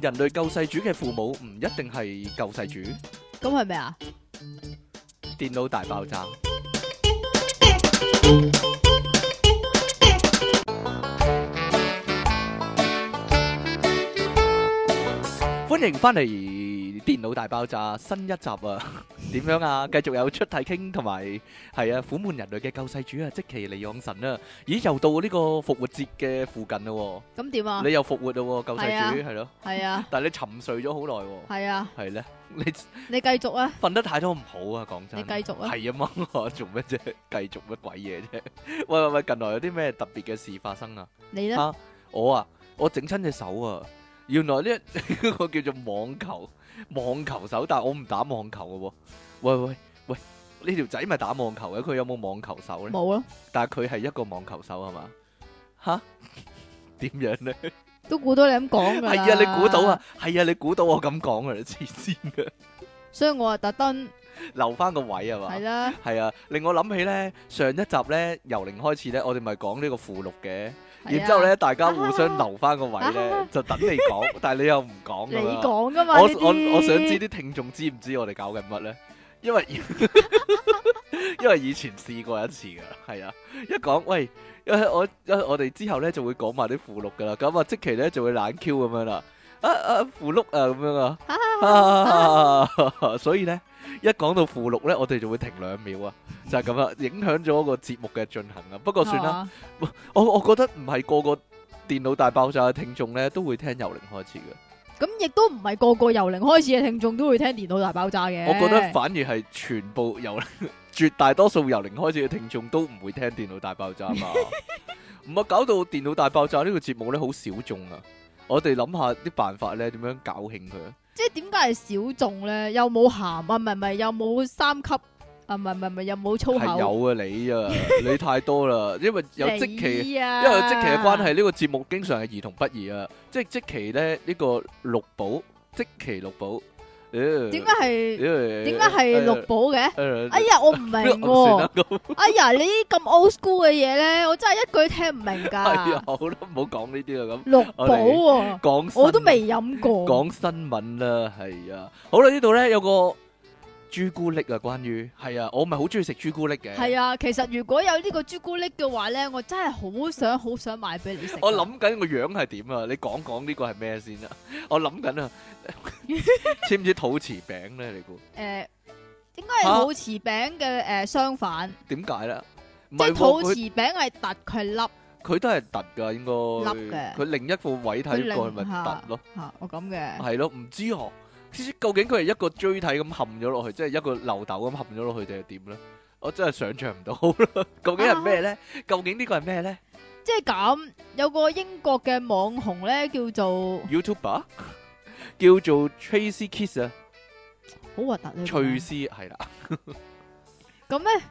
人類救世主嘅父母唔一定係救世主，咁係咩啊？電腦大爆炸，歡迎翻嚟。電腦大爆炸新一集啊，點樣啊？繼續有出體 King，同埋係啊，苦悶人類嘅救世主啊，積淇離岸神啊。咦，又到呢個復活節嘅附近咯，咁點啊？樣樣啊，你又復活咯，啊，救世主係咯？係啊。啊 但係你沉睡咗好耐。係啊。係咧，啊啊，你你繼續啊？瞓 得太多唔好啊，講真。你繼續啊？係啊，掹我做咩啫？繼續乜鬼嘢啫？ 喂喂喂，近來有啲咩特別嘅事發生啊？你咧呢，啊？我啊，我整親隻手啊，原來呢個 叫做網球。網球手，但係我唔打網球嘅喎。喂喂喂，呢條仔咪打網球嘅，佢有冇網球手咧？冇啊。但係佢係一個網球手係嘛？吓？點樣咧？都估到你咁講嘅。係啊，你估到啊？係啊，你估到我咁講啊？你黐線嘅。所以我啊，特登留翻個位係嘛？係啦。係啊，令我諗起咧，上一集咧，由零開始咧，我哋咪講呢個附錄嘅。然之後咧，大家互相留翻個位咧， 就等你講，但係你又唔講你講噶嘛？我些我我，我想知啲聽眾知唔知我哋搞緊乜咧？因為 因為以前試過一次噶，係啊，一講喂，因為我因為我哋之後咧就會講埋啲附錄噶啦，咁啊即期咧就會懶 Q 咁樣啦，啊啊附錄啊咁樣啊，啊，啊 所以咧。一講到附錄呢，我哋就會停兩秒啊，就係咁啊，影響咗個節目嘅進行啊。不過算啦，嗎我我覺得唔係個個電腦大爆炸嘅聽眾呢都會聽由零開始嘅，咁亦都唔係個個由零開始嘅聽眾都會聽電腦大爆炸嘅。我覺得反而係全部由 絕大多數由零開始嘅聽眾都唔會聽電腦大爆炸啊，唔係 搞到電腦大爆炸呢個節目呢好小眾啊！我哋諗下啲辦法呢，點樣搞興佢啊？即係點解係小眾咧？又冇鹹啊，唔係唔係，又冇三級啊，唔係唔係唔係，又冇粗口。有啊，你啊， 你太多啦，因為有積淇，啊、因為有積淇嘅關係，呢、這個節目經常係兒童不宜啊。即係積淇咧，呢、這個六寶，積淇六寶。點解係點解係綠寶嘅？哎呀，我唔明喎！哎呀，你啲咁 old school 嘅嘢咧， 我真係一句聽唔明噶、啊。好啦、哎，唔好講呢啲啦，咁綠寶、啊，我都未飲過。講新聞啦，係啊，好啦，呢度咧有個。朱古力啊，關於係啊，我咪好中意食朱古力嘅。係啊，其實如果有呢個朱古力嘅話咧，我真係好想好想買俾你食。我諗緊個樣係點啊？你講講呢個係咩先啊？我諗緊啊，知唔知肚臍餅咧？你估？誒，應該係肚臍餅嘅誒相反。點解咧？即係肚臍餅係凸，佢係凹。佢都係凸噶，應該凹嘅。佢另一個位睇過咪凸咯。吓，我咁嘅。係咯，唔知啊。究竟佢係一個錐體咁冚咗落去，即係一個漏斗咁冚咗落去，定係點咧？我真係想象唔到啦！ 究竟係咩咧？啊、究竟個呢個係咩咧？即係咁，有個英國嘅網紅咧，叫做 YouTuber， 叫做 Tracy Kiss 啊，好核突啊。翠絲係啦，咁咧 呢、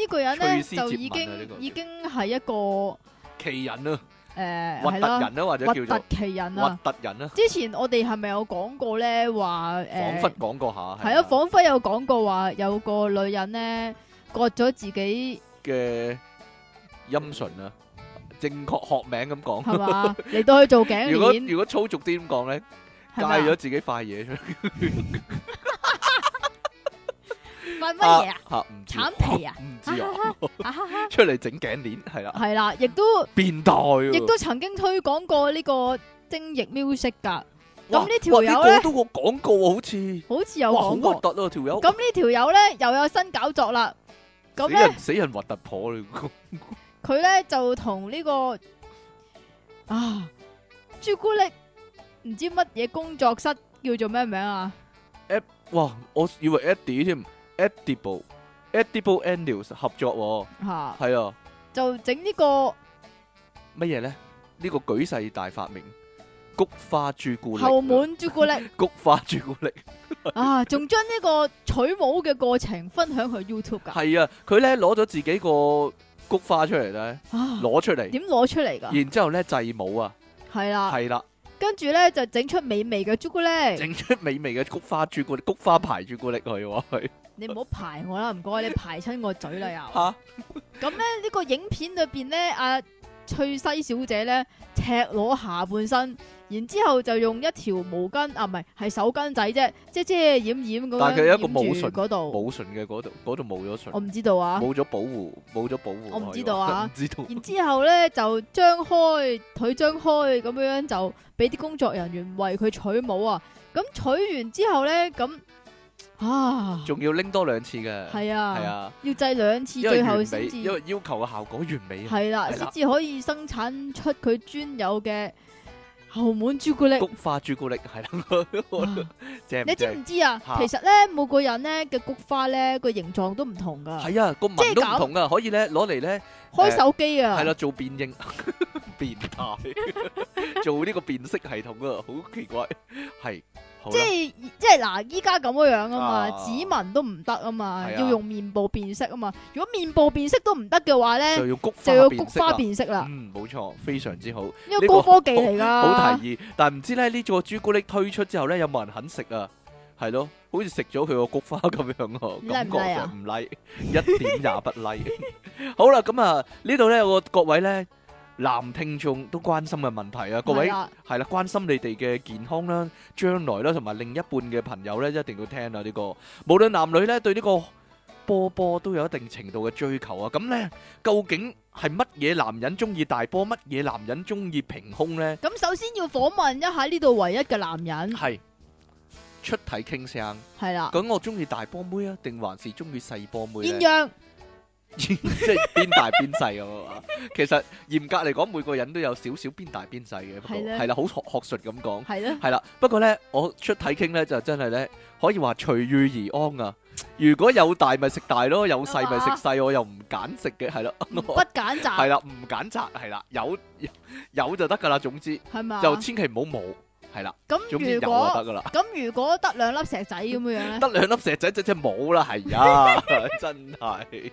呢個人咧就已經已經係一個奇人啦。誒，核突人啊，或者叫做突奇人啊，核突人啊。之前我哋係咪有講過咧？話誒，仿佛講過下係啊，仿佛有講過話有個女人咧割咗自己嘅陰唇啊，正確學名咁講係嘛？你到去做頸鏈。如果如果粗俗啲咁講咧，戒咗自己塊嘢出嚟。係乜嘢啊？慘皮啊！唔知啊，出嚟整頸鏈，係啦，係啦，亦都變態，亦都曾經推廣過呢個精液 music 噶。咁呢條友咧，呢個都個廣告好似好似有好核突啊條友。咁呢條友咧又有新搞作啦。死人死人核突婆佢咧，就同呢個啊朱古力唔知乜嘢工作室叫做咩名啊，哇，我以為 Eddie 添。Edible、Edible Anus 合作，係啊，就整呢個乜嘢咧？呢個舉世大發明菊花朱古力、後門朱古力、菊花朱古力啊！仲將呢個取模嘅過程分享去 YouTube 噶。係啊，佢咧攞咗自己個菊花出嚟咧，攞出嚟點攞出嚟噶？然之後咧製模啊，係啦，係啦，跟住咧就整出美味嘅朱古力，整出美味嘅菊花朱古力、菊花牌朱古力佢。你唔好排我啦，唔該，你排親我嘴啦又。吓咁咧？呢 個影片裏邊咧，阿、啊、翠西小姐咧赤裸下半身，然之後就用一條毛巾啊，唔係係手巾仔啫，遮遮掩掩咁。但係佢有一個冇唇嗰度，冇唇嘅嗰度，嗰度冇咗唇。我唔知道啊，冇咗保護，冇咗保護。我唔知道啊，道啊 然之後咧就張開腿張開咁樣就俾啲工作人員為佢取帽取模啊。咁取完之後咧咁。啊！仲要拎多兩次嘅，係啊，係啊，要製兩次，最後先因為完美，因為要求嘅效果完美。係啦，先至可以生產出佢專有嘅後門朱古力、菊花朱古力。係啦，你知唔知啊？其實咧，每個人咧嘅菊花咧個形狀都唔同噶。係啊，個紋都唔同噶，可以咧攞嚟咧開手機啊。係啦，做辨認，變態，做呢個辨識系統啊，好奇怪，係。即係即係嗱，依家咁嘅樣啊嘛，指紋都唔得啊嘛，要用面部辨識啊嘛。如果面部辨識都唔得嘅話咧，就要菊花辨識啦。嗯，冇錯，非常之好。呢個高科技嚟噶，好提議。但係唔知咧呢個朱古力推出之後咧，有冇人肯食啊？係咯，好似食咗佢個菊花咁樣咯，感覺唔 like，一點也不 like。好啦，咁啊呢度咧，我各位咧。男聽眾都關心嘅問題啊，各位係啦，關心你哋嘅健康啦，將來啦，同埋另一半嘅朋友咧，一定要聽啊呢個。無論男女咧，對呢個波波都有一定程度嘅追求啊。咁咧，究竟係乜嘢男人中意大波乜嘢男人中意平胸咧？咁首先要訪問一下呢度唯一嘅男人，係出體傾聲係啦。咁我中意大波妹啊，定還是中意細波妹咧？點樣？即係邊大邊細咁啊！其實嚴格嚟講，每個人都有少少邊大邊細嘅，不過係啦，好學學術咁講，係啦。不過咧，我出體 king 咧就真係咧，可以話隨遇而安啊！如果有大咪食大咯，有細咪食細，我又唔揀食嘅，係啦，不揀擇，係啦，唔揀擇，係啦，有有就得噶啦。總之係嘛，就千祈唔好冇，係啦。咁總之有就得噶啦。咁如果得兩粒石仔咁樣樣咧，得兩粒石仔即即冇啦，係啊，真係。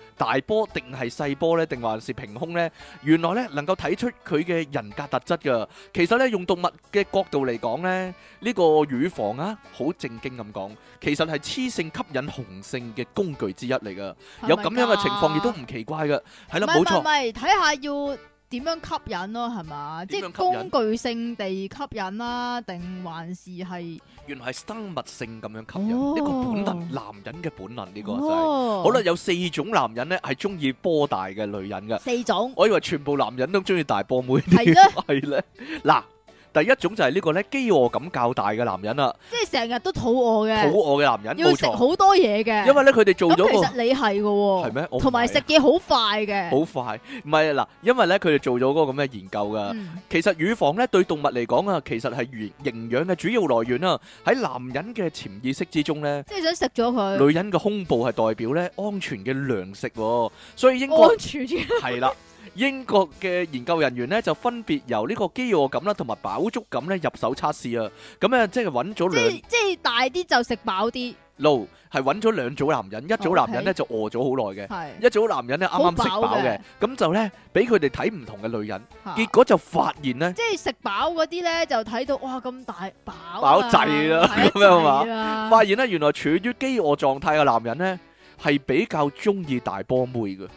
大波定係細波呢？定還是平胸呢？原來呢，能夠睇出佢嘅人格特質噶。其實呢，用動物嘅角度嚟講呢，呢個乳房啊，好正經咁講，其實係雌性吸引雄性嘅工具之一嚟噶。是是有咁樣嘅情況亦都唔奇怪噶。係啦，冇錯是。睇錯下要。點樣吸引咯，係嘛？即係工具性地吸引啦，定還是係？原來係生物性咁樣吸引，一、哦、個本能，男人嘅本能呢、呢個真、就、係、是。哦、好啦，有四種男人咧係中意波大嘅女人嘅。四種，我以為全部男人都中意大波妹啲，係咧嗱。 第一種就係呢個咧飢餓感較大嘅男人啦，即係成日都肚餓嘅，肚餓嘅男人要食好多嘢嘅，因為咧佢哋做咗個，咁其實你係嘅喎，係咩？同埋食嘢好快嘅，好快。唔係啊嗱，因為咧佢哋做咗嗰個咁嘅研究噶，其實乳房咧對動物嚟講啊，其實係營營養嘅主要來源啊。喺男人嘅潛意識之中咧，即係想食咗佢。女人嘅胸部係代表咧安全嘅糧食喎，所以應該係啦。英國嘅研究人員咧就分別由呢個飢餓感啦同埋飽足感咧入手測試啊，咁啊即係揾咗兩即係大啲就食飽啲，no 係揾咗兩組男人，一組男人咧就餓咗好耐嘅，一組男人咧啱啱食飽嘅，咁就咧俾佢哋睇唔同嘅女人，結果就發現咧，即係食飽嗰啲咧就睇到哇咁大飽飽滯啦，咁樣係咪，發現咧原來處於飢餓狀態嘅男人咧係比較中意大波妹嘅。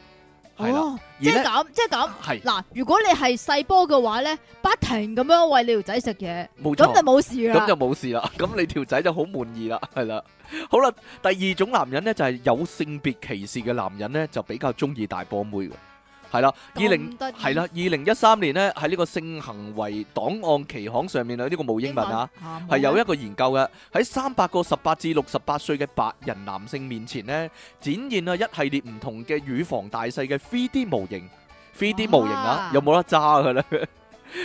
係啦，即係咁，即係咁。係嗱，如果你係細波嘅話咧，不停咁樣餵你條仔食嘢，咁冇錯，就冇事啦。咁 就冇事啦。咁你條仔就滿 好滿意啦。係啦，好啦，第二種男人咧就係、是、有性別歧視嘅男人咧，就比較中意大波妹喎。係啦，二零係啦，二零一三年呢，喺呢個性行為檔案期刊上面咧呢、呢個冇英文啊，係有一個研究嘅喺三百個十八至六十八歲嘅白人男性面前呢展現啊一系列唔同嘅乳房大細嘅 3D 模型，3D 模型啊有冇得揸嘅咧？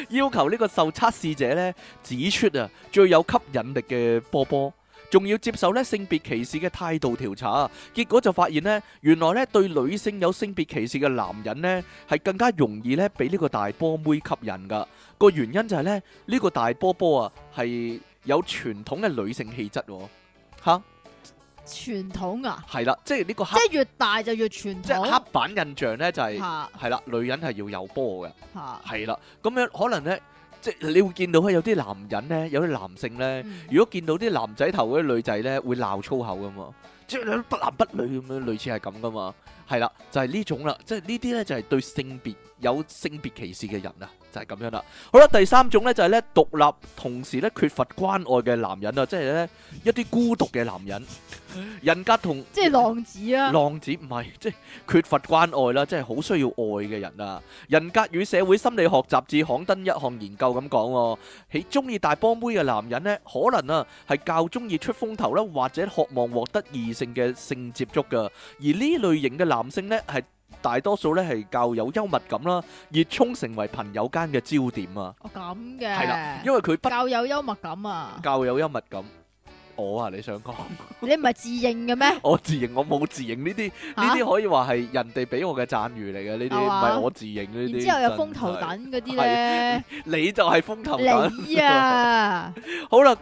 要求呢個受測試者呢指出啊最有吸引力嘅波波。仲要接受咧性別歧視嘅態度調查，結果就發現咧，原來咧對女性有性別歧視嘅男人咧，係更加容易咧俾呢個大波妹吸引噶。個原因就係咧，呢個大波波啊係有傳統嘅女性氣質喎，嚇傳統啊，係啦，即係呢個黑即係越大就越傳統，即係刻板印象咧就係係啦，女人係要有波嘅，係啦，咁樣可能咧。即係你會見到有啲男人呢，有啲男性呢，如果見到啲男仔頭嗰啲女仔呢，會鬧粗口噶嘛，即係不男不女咁樣，類似係咁噶嘛，係啦，就係呢種啦，即係呢啲呢，就係對性別有性別歧視嘅人啊，就係咁樣啦。好啦，第三種呢，就係呢獨立同時呢缺乏關愛嘅男人啊，即係呢，一啲孤獨嘅男人，人格同即係浪子啊，浪子唔係即係缺乏關愛啦，即係好需要愛嘅人啊。人格與社會心理學雜誌刊登一項研究咁講喎，喜中意大波妹嘅男人呢，可能啊係較中意出風頭啦，或者渴望獲得異性嘅性接觸嘅。而呢類型嘅男性呢，係。大多數咧係較有幽默感啦，熱衷成為朋友間嘅焦點啊。哦，咁嘅係啦，因為佢比較有幽默感啊。較有幽默感，我啊，你想講，你唔係自認嘅咩？ 我自認我冇自認呢啲，呢啲、啊、可以話係人哋俾我嘅讚譽嚟嘅，呢啲唔係我自認呢啲。之、哦啊、些後有風頭等嗰啲咧， 你就係風頭等。你啊， 好啦，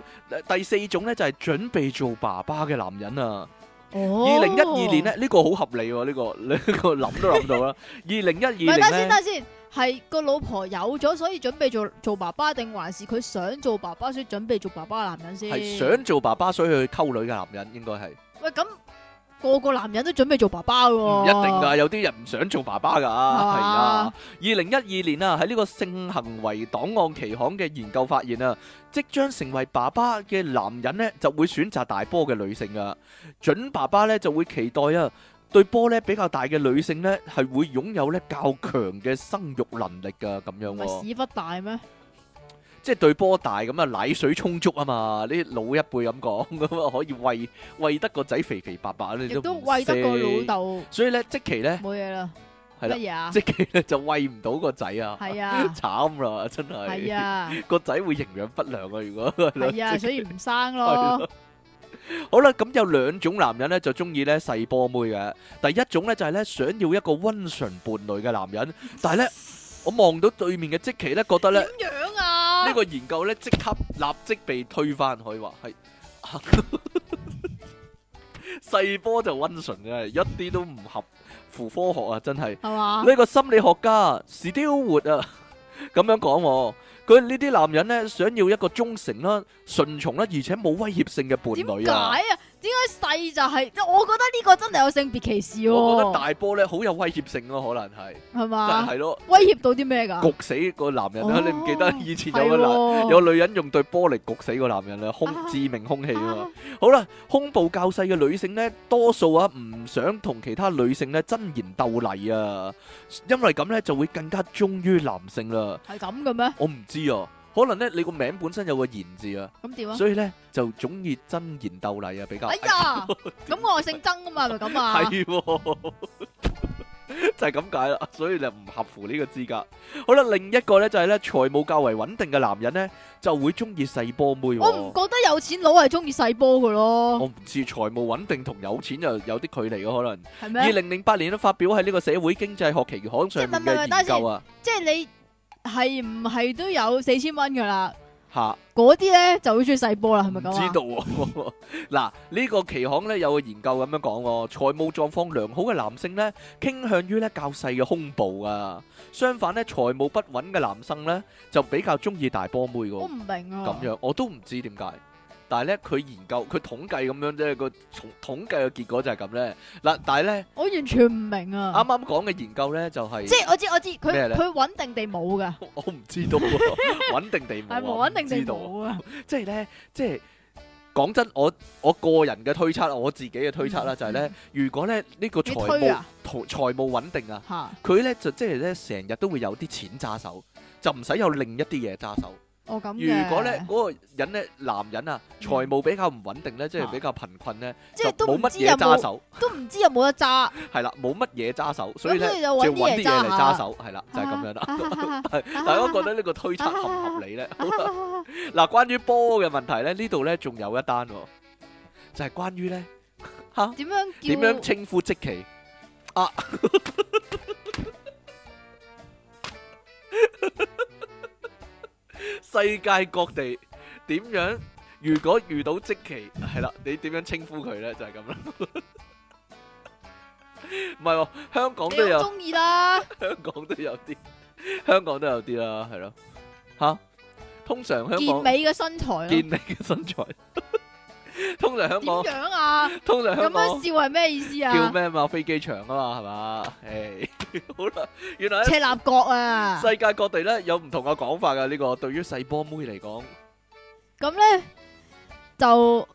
第四種咧就係、是、準備做爸爸嘅男人啊。二零一二年咧，呢、呢個好合理喎，啊，呢、呢個你呢個諗都諗到啦。二零 2020 一二年，唔係，等下先，等下先，係個老婆有咗，所以準備做做爸爸，定還是佢想做爸爸所以準備做爸爸男人先？係想做爸爸所以去溝女嘅男人應該係。喂，咁。個個男人都準備做爸爸喎，唔一定噶、啊，有啲人唔想做爸爸噶。係啊，二零一二年啊，喺呢個性行為檔案期刊嘅研究發現啊，即將成為爸爸嘅男人呢，就會選擇大波嘅女性啊。準爸爸呢，就會期待啊，對波呢比較大嘅女性呢，係會擁有呢較強嘅生育能力噶，咁樣、啊。唔係屎忽大咩？即係對波大咁啊奶水充足啊嘛，啲老一輩咁講，咁啊可以餵餵得個仔肥肥白白，你都餵得個老豆。所以咧，即其咧冇嘢啦，係啦，即其咧就餵唔到個仔啊，係啊，慘啦，真係，係啊，個仔會營養不良啊，如果係啊，所以唔生咯。好啦，咁有兩種男人咧就中意咧細波妹嘅，第一種咧就係咧想要一個溫順伴侶嘅男人，但係咧我望到對面嘅即其咧覺得咧。呢個研究咧即刻立即被推翻，去話係細波就溫順嘅，一啲都唔合乎科學啊！真係，呢吧個心理學家史丟活啊！咁樣講、哦，佢呢啲男人呢，想要一個忠誠啦、順從啦，而且冇威脅性嘅伴侶啊。點解細就係、是、即我覺得呢個真係有性別歧視。我覺得大波咧好有威脅性咯，可能係係嘛，就係咯，吧是威脅到啲咩噶？焗死個男人啊！哦、你唔記得以前有個男、哦、有個女人用對波嚟焗死個男人啊？空致命空氣啊嘛！好啦，胸部較細嘅女性咧，多數啊唔想同其他女性咧爭妍鬥麗啊，因為咁咧就會更加忠於男性啦。係咁嘅咩？我唔知啊。可能咧，你個名本身有個言字啊，噉點啊？所以咧就中意爭妍鬥麗啊，比較。哎呀，咁我係姓曾啊嘛，係咪咁啊？係，就係咁解啦，所以就唔合乎呢個資格。好啦，另一個咧就係咧，財務較為穩定嘅男人咧就會中意細波妹。我唔覺得有錢佬係中意細波噶咯。我唔知財務穩定同有錢就有啲距離咯，可能。係咩？二零零八年都發表喺呢個社會經濟學期刊上面嘅研究啊，即係你。係唔係都有四千蚊噶啦？吓，嗰啲咧就好中意細波啦，係咪咁啊？我知道喎，嗱，呢個期刊咧有個研究咁樣講，財務狀況良好嘅男性咧，傾向於咧較細嘅胸部啊；相反咧，財務不穩嘅男生咧，就比較中意大波妹噶。我唔明啊，咁樣我都唔知點解。但係咧，佢研究佢統計，咁樣，即係個統計嘅結果就係咁咧嗱，但係咧，我完全唔明啊！啱啱講嘅研究咧就係、是，即係我知我知，佢佢穩定地冇噶。我唔知道，穩定地冇，係冇穩定地冇啊！即係咧，即係講真，我我個人嘅推測，我自己嘅推測啦、就是，就係咧，嗯、如果咧呢、這個財務財、啊、務穩定啊，佢咧 就即係咧成日都會有啲錢揸手，就唔使有另一啲嘢揸手。如果咧嗰個人咧，男人啊，財務比較唔穩定咧，即係比較貧困咧，就冇乜嘢揸手，都唔知有冇得揸。係啦，冇乜嘢揸手，所以咧，就要搵啲嘢嚟揸手。係啦，就係咁樣啦。大家覺得呢個推測合唔合理咧？嗱，關於波嘅問題咧，呢度咧仲有一單，就係關於咧吓點樣點樣稱呼積淇啊？世界各地點樣？如果遇到積淇，係啦，你點樣稱呼佢咧？就係咁啦，唔係喎，香港都有中意啦，香港都有啲，香港都有啲啦，係咯，吓？通常香港健美嘅身材健美嘅身材。 通常點樣啊？咁樣笑係咩意思啊？叫咩嘛？飛機場啊嘛，係嘛？誒、hey. 好啦，原來赤鱲角啊！世界各地咧有唔同嘅講法噶、啊、呢、這個對於細波妹嚟講，咁咧就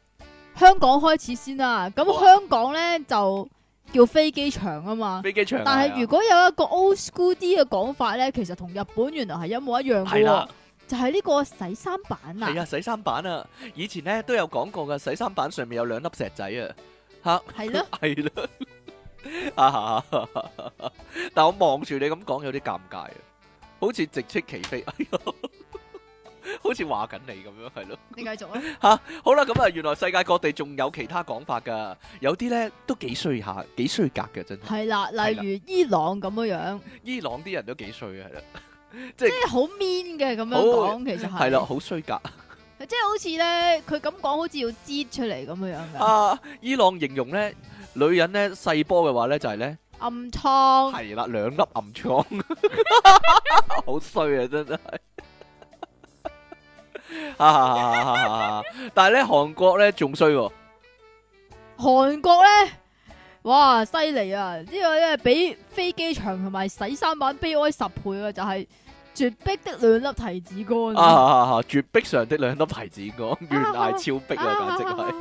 香港開始先啦。咁香港咧、啊、就叫飛機場，場啊嘛，飛機場。但係如果有一個 old school D 嘅講法咧，其實同日本原來係一模一樣嘅。就係呢個洗衫板啊！係啊，洗衫板啊！以前咧都有講過噶，洗衫板上面有兩粒石仔啊！吓係咯，係咯，啊！但我望住你咁講，有啲尷尬啊，好似直斥其非，哎呀，好似話緊你咁樣，係咯。你繼續啊！吓好啦，咁、嗯、啊，原來世界各地仲有其他講法噶，有啲咧都幾衰下，幾衰格嘅真係。係啦，例如伊朗咁樣樣，伊朗啲人都幾衰啊，係啦。即係好 mean 嘅咁樣講，其實係係咯，好衰格。即係好似咧，佢咁講好似要擠出嚟咁嘅樣。啊，伊朗形容咧，女人咧細波嘅話咧就係咧暗瘡。係啦，兩粒暗瘡，好衰啊真係。但係咧，韓國咧仲衰。韓國咧，哇犀利啊！呢個咧比飛機場同埋洗衫板悲哀十倍啊！就係。絕壁的兩粒提子乾啊！絕壁上的兩粒提子乾，原來超壁啊， 簡直係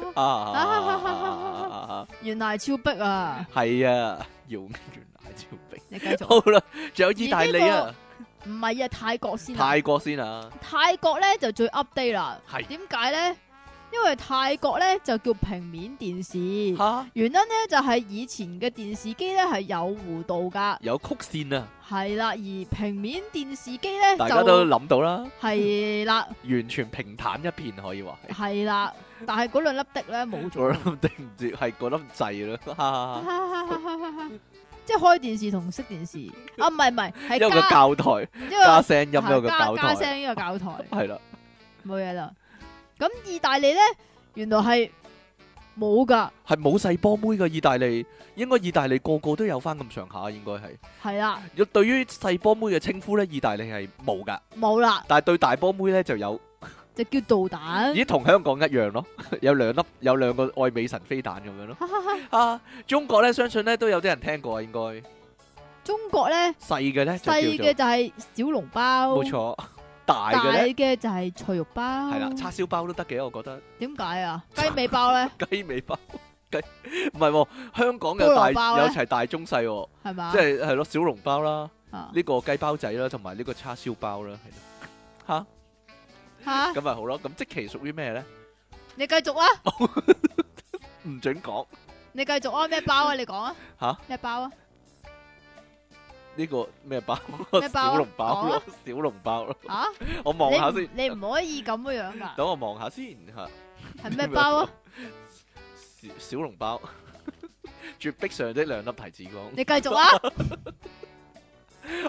原來係超壁啊！係啊，要原來超壁。 你繼續。 好啦，仲有意大利啊。唔係、這個、啊，泰國先。泰國先啊！泰國咧、啊、就最 update 啦，係點解咧？ 因為泰國咧就叫平面電視，哈原因咧就係、是、以前嘅電視機咧係有弧度噶，有曲線啊，係啦。而平面電視機咧，大家都諗到啦，係啦的，嗯、完全平坦一片可以話，係啦。但係嗰兩粒滴咧冇咗啦，定唔住係嗰粒掣啦， 即係開電視同熄電視啊，唔係唔係，係加一個教台，加聲音，音一個，加加聲，呢個教台係啦，冇嘢啦。 咁意大利咧，原來係冇噶，係冇細波妹嘅。意大利應該意大利個個都有翻咁上下，應該係係啦。要對於細波妹嘅稱呼咧，意大利係冇噶，冇啦。但係對大波妹咧就有，就叫導彈。咦，同香港一樣咯，有兩粒，有兩個愛美神飛彈咁樣咯。啊，中國咧，相信咧都有啲人聽過啊，應該。中國咧細嘅咧，細嘅就係小籠包，冇錯。大嘅就係菜肉包，係啦，叉燒包都得嘅，我覺得。點解啊？雞尾包咧？雞尾包，雞唔係，香港有大包有齊大中細，係嘛？即係係咯，小籠包啦，呢個雞包仔啦，同埋呢個叉燒包啦，係咯。吓吓，咁咪好咯？咁即期屬於咩咧？你繼續啊，唔準講。你繼續安咩包啊？你講啊。吓咩包啊？呢個咩包？小籠包咯，小籠包咯。吓，我望下先。你唔可以咁樣噶。等我望下先，吓。係咩包啊？小籠包。絕壁上的兩粒提子光。你繼續啊。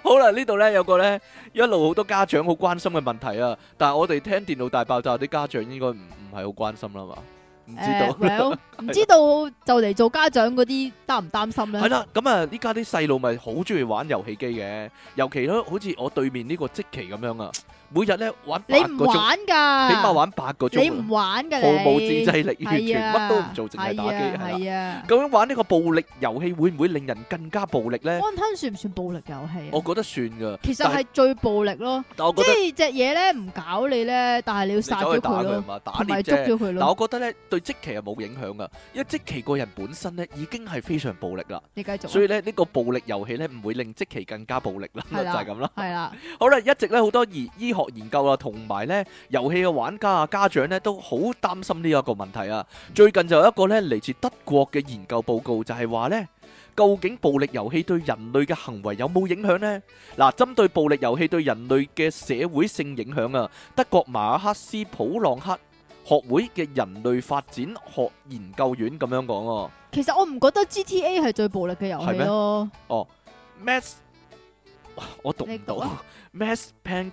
好啦，呢度咧有個咧一路好多家長好關心嘅問題啊，但係我哋聽電腦大爆炸啲家長應該唔唔係好關心啦嘛。唔知道，唔、uh, well, 知道就嚟做家長嗰啲擔唔擔心咧？係啦，咁啊，依家啲細路咪好中意玩遊戲機嘅，尤其咯，好似我對面呢個積淇咁樣啊。每日咧玩八個鐘，起碼玩八個鐘。你唔玩㗎，你毫無自制力，完全乜都唔做，淨係打機係啦。究竟玩呢個暴力遊戲會唔會令人更加暴力咧？安吞算唔算暴力遊戲啊？我覺得算㗎。其實係最暴力咯，即係隻嘢咧唔搞你咧，但係你要殺咗佢咯，同埋捉咗佢咯。但，我覺得咧對積淇係冇影響㗎，因為積淇個人本身咧已經係非常暴力啦。你繼續。所以咧呢個暴力遊戲咧唔會令積淇更加暴力啦，就係咁啦。係啦。好啦，一直咧好多醫醫學研究啦，同埋咧，遊戲嘅玩家啊，家長咧都好擔心呢一個問題啊。最近就有一個咧嚟自德國嘅研究報告，就係話咧，究竟暴力遊戲對人類嘅行為有冇影響咧？嗱，針對暴力遊戲對人類嘅社會性影響啊，德國馬克斯普朗克學會嘅人類發展學研究院咁樣講。其實我唔覺得 GTA 係最暴力嘅遊戲咯。哦，Mass，我讀唔到。Mass Bank。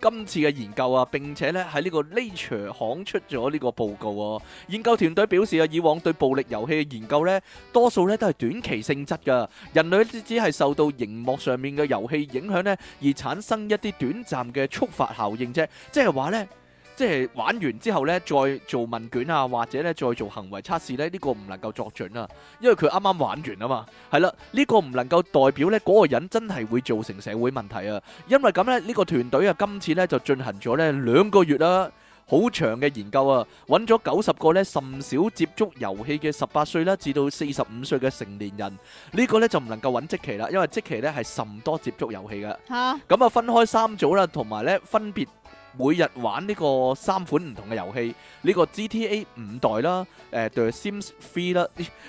今次嘅研究啊，並且咧喺呢個 Nature 刊出咗呢個報告喎。研究團隊表示啊，以往對暴力遊戲嘅研究呢，多數呢都係短期性質㗎。人類只只係受到熒幕上面嘅遊戲影響呢，而產生一啲短暫嘅觸發效應啫。即係話呢。即係玩完之後呢，再做問卷啊，或者呢，再做行為測試呢，呢個唔能夠作準啊，因為佢啱啱玩完啊嘛，係啦，呢個唔能夠代表呢嗰個人真係會造成社會問題啊，因為咁呢，呢個團隊啊，今次呢，就進行咗呢兩個月啦，好長嘅研究啊，揾咗九十個呢甚少接觸遊戲嘅十八歲啦至到四十五歲嘅成年人，呢個呢，就唔能夠揾積淇啦，因為積淇呢係甚多接觸遊戲噶，咁啊分開三組啦，同埋呢分別。每日玩呢個三款唔同嘅遊戲，呢個 GTA 五代啦，誒 The Sims Three 啦，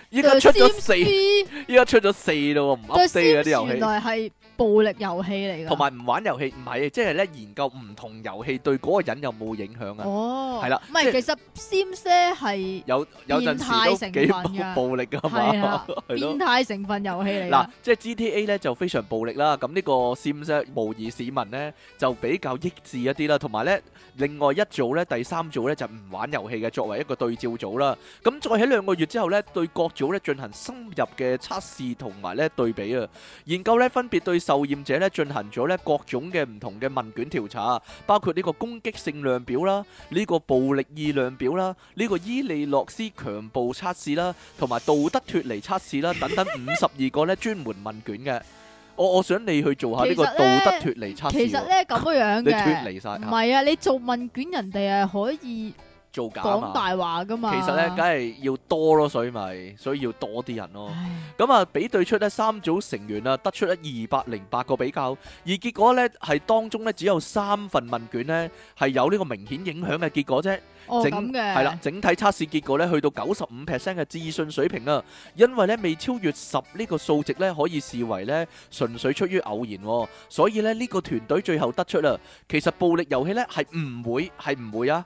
依家出咗四，依家出咗四嘞喎，唔 update 嗰啲遊戲。原來係暴力遊戲嚟㗎。同埋唔玩遊戲，唔係，即係咧研究唔同遊戲對嗰個人有冇影響啊？哦，係啦，唔係，其實 Sims 係有有陣時都幾暴力㗎嘛，變態成分遊戲嚟。嗱，即係 GTA 咧就非常暴力啦，咁呢個 Sims 模擬市民咧就比較益智一啲啦，同。埋咧，另外一組咧，第三組咧就唔玩遊戲嘅，作為一個對照組啦。咁再喺兩個月之後咧，對各組咧進行深入嘅測試同埋咧對比啊。研究咧分別對受驗者咧進行咗咧各種嘅唔同嘅問卷調查，包括呢個攻擊性量表啦、呢、這個暴力意量表啦、呢、這個伊利洛斯強暴測試啦、同埋道德脫離測試啦等等五十二個咧專門問卷嘅。我我想你去做下呢個道德脫離測試，其實咧咁樣嘅，脫離晒，唔係啊，你做問卷人哋係可以。講大話噶嘛？其實咧，梗係要多咯，所以咪所以要多啲人咯。咁啊，比對出咧三組成員啦，得出二百零八個比較，而結果咧係當中咧只有三份問卷咧係有呢個明顯影響嘅結果啫。哦，咁嘅係啦，整體測試結果咧去到九十五 percent 嘅置信水平啊，因為咧未超越十呢個數值咧可以視為咧純粹出於偶然喎，所以咧呢個團隊最後得出啦，其實暴力遊戲咧係唔會係唔會啊！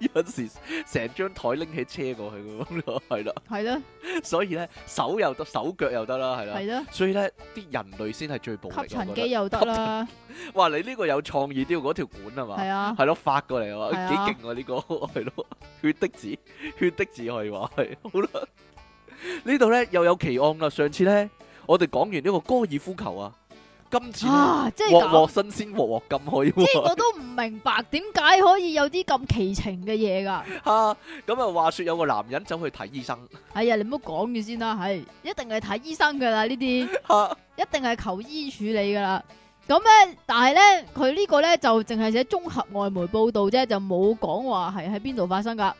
有陣時成張台拎起車過去咁咯，係 咯的，係咯的， 所以咧手又得，手腳又得啦，係啦，係啦的，所以咧啲人類先係最暴力吸塵機又得啦。 哇！你呢個有創意啲，嗰條管啊嘛，係啊，係咯發過嚟啊，幾勁啊呢個係咯，血滴子，血滴子可以話係好啦。 呢度咧又有奇案啦。上次咧我哋講完呢個高爾夫球啊。今次啊，鑊鑊新鮮鑊鑊甘，和和即係我都唔明白點解可以有啲咁奇情嘅嘢㗎。嚇、啊，咁啊話説有個男人走去睇醫生。哎呀，你唔好講住先啦，係一定係睇醫生㗎啦呢啲，一定係、啊、求醫處理㗎啦。咁咧，但係咧，佢呢個咧就淨係寫綜合外媒報道啫，就冇講話係喺邊度發生㗎。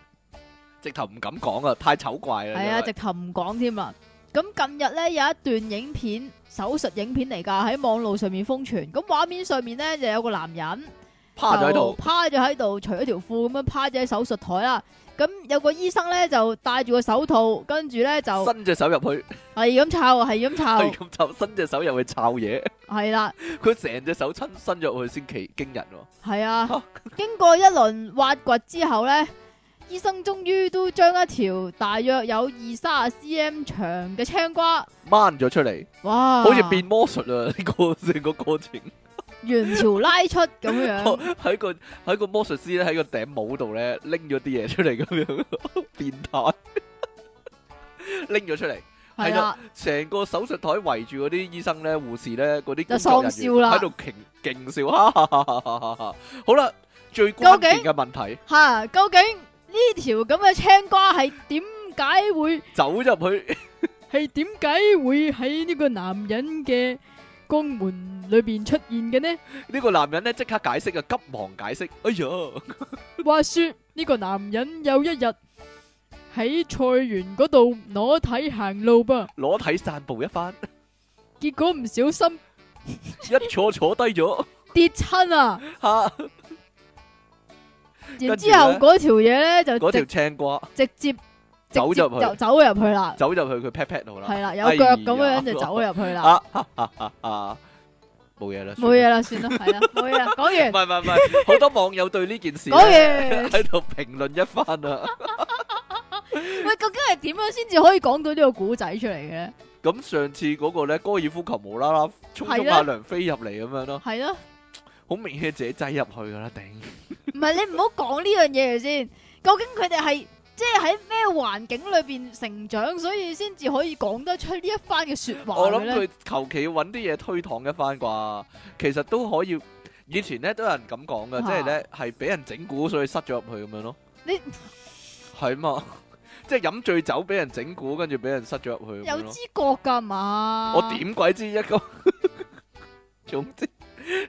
直頭唔敢講啊，太醜怪啦。係啊，直頭唔講添啊。咁近日咧，有一段影片，手術影片嚟㗎，喺網路上面瘋傳，咁畫面上面咧就有個男人趴咗喺度，趴咗喺度除咗條褲咁樣趴咗喺手術台啦。咁有個醫生咧就戴住個手套，跟住咧就伸隻手入去，係咁抄，係咁抄，係咁抄，伸隻手入去抄嘢，係啦的。佢成 隻手伸伸入去先奇驚人喎。係啊的， 經過一輪挖掘之後咧。醫生終於都將一條大約有二三十 cm 長嘅青瓜掹咗出嚟，哇，好似變魔術啊！呢個成個過程，原條拉出咁樣喺 個喺個魔術師咧喺個頂帽度咧拎咗啲嘢出嚟，咁樣變態拎咗 出嚟係啦。成個手術台圍住嗰啲醫生咧、護士咧，嗰啲就雙笑啦，喺度勁勁笑。哈哈哈哈哈哈好啦，最關鍵嘅問題吓，究竟，究竟呢條咁嘅青瓜係點解會走入去？係點解會喺呢個男人嘅肛門裏邊出現嘅呢？呢個男人呢，即刻解釋啊，急忙解釋。哎呀，話說呢個男人有一日喺菜園嗰度裸體行路噃，裸體散步一番，結果唔小心一坐坐低咗，跌親啊！吓。然之後嗰條嘢咧就嗰條青瓜直接走入就走入去啦，走入去佢 pat pat 到啦，係啦，有腳咁樣樣就走入去啦，冇嘢啦，冇嘢啦，算啦，係啦，冇嘢啦，講完，唔係唔係唔係，好多網友對呢件事講完喺度評論一番啊，喂，究竟係點樣先至可以講到呢個古仔出嚟嘅？咁上次嗰個咧，高爾夫球無啦啦沖中阿梁飛入嚟咁樣咯，係咯。好明顯自己擠入去噶啦，頂！唔係你唔好講呢樣嘢先。究竟佢哋係即係喺咩環境裏邊成長，所以先至可以講得出呢一番嘅説話。我諗佢求其搵啲嘢推搪一番啩，其實都可以。以前咧都有人咁講噶，即係咧係俾人整蠱，所以塞咗入去咁樣咯。你係嘛？即係飲醉酒俾人整蠱，跟住俾人塞咗入去。有知覺噶嘛？我點鬼知一個？總之。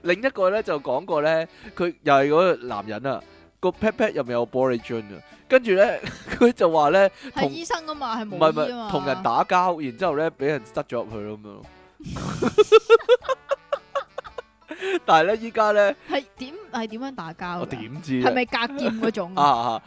另一個咧就講過咧，佢又係嗰個男人啊，個 pet pet 入面有玻璃樽啊，跟住咧佢就話咧，係醫生啊嘛，係冇醫啊嘛，唔係唔係，同人打交，然之後咧俾人塞咗入去咯咁樣。 但係咧，依家咧係點係點樣打交？我點知係咪格劍嗰種啊？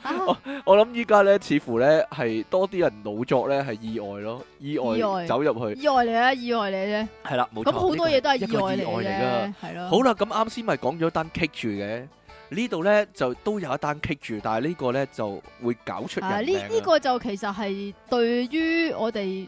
我諗依家咧，似乎咧係多啲人腦作咧係意外咯，意外走入去意，意外嚟啊！意外嚟啫，係啦，冇錯。咁好多嘢都係意外嚟嘅，係咯。了好啦，咁啱先咪講咗單棘住嘅，呢度咧就都有一單棘住，但係呢個咧就會搞出人命。呢呢、啊這個就其實係對於我哋。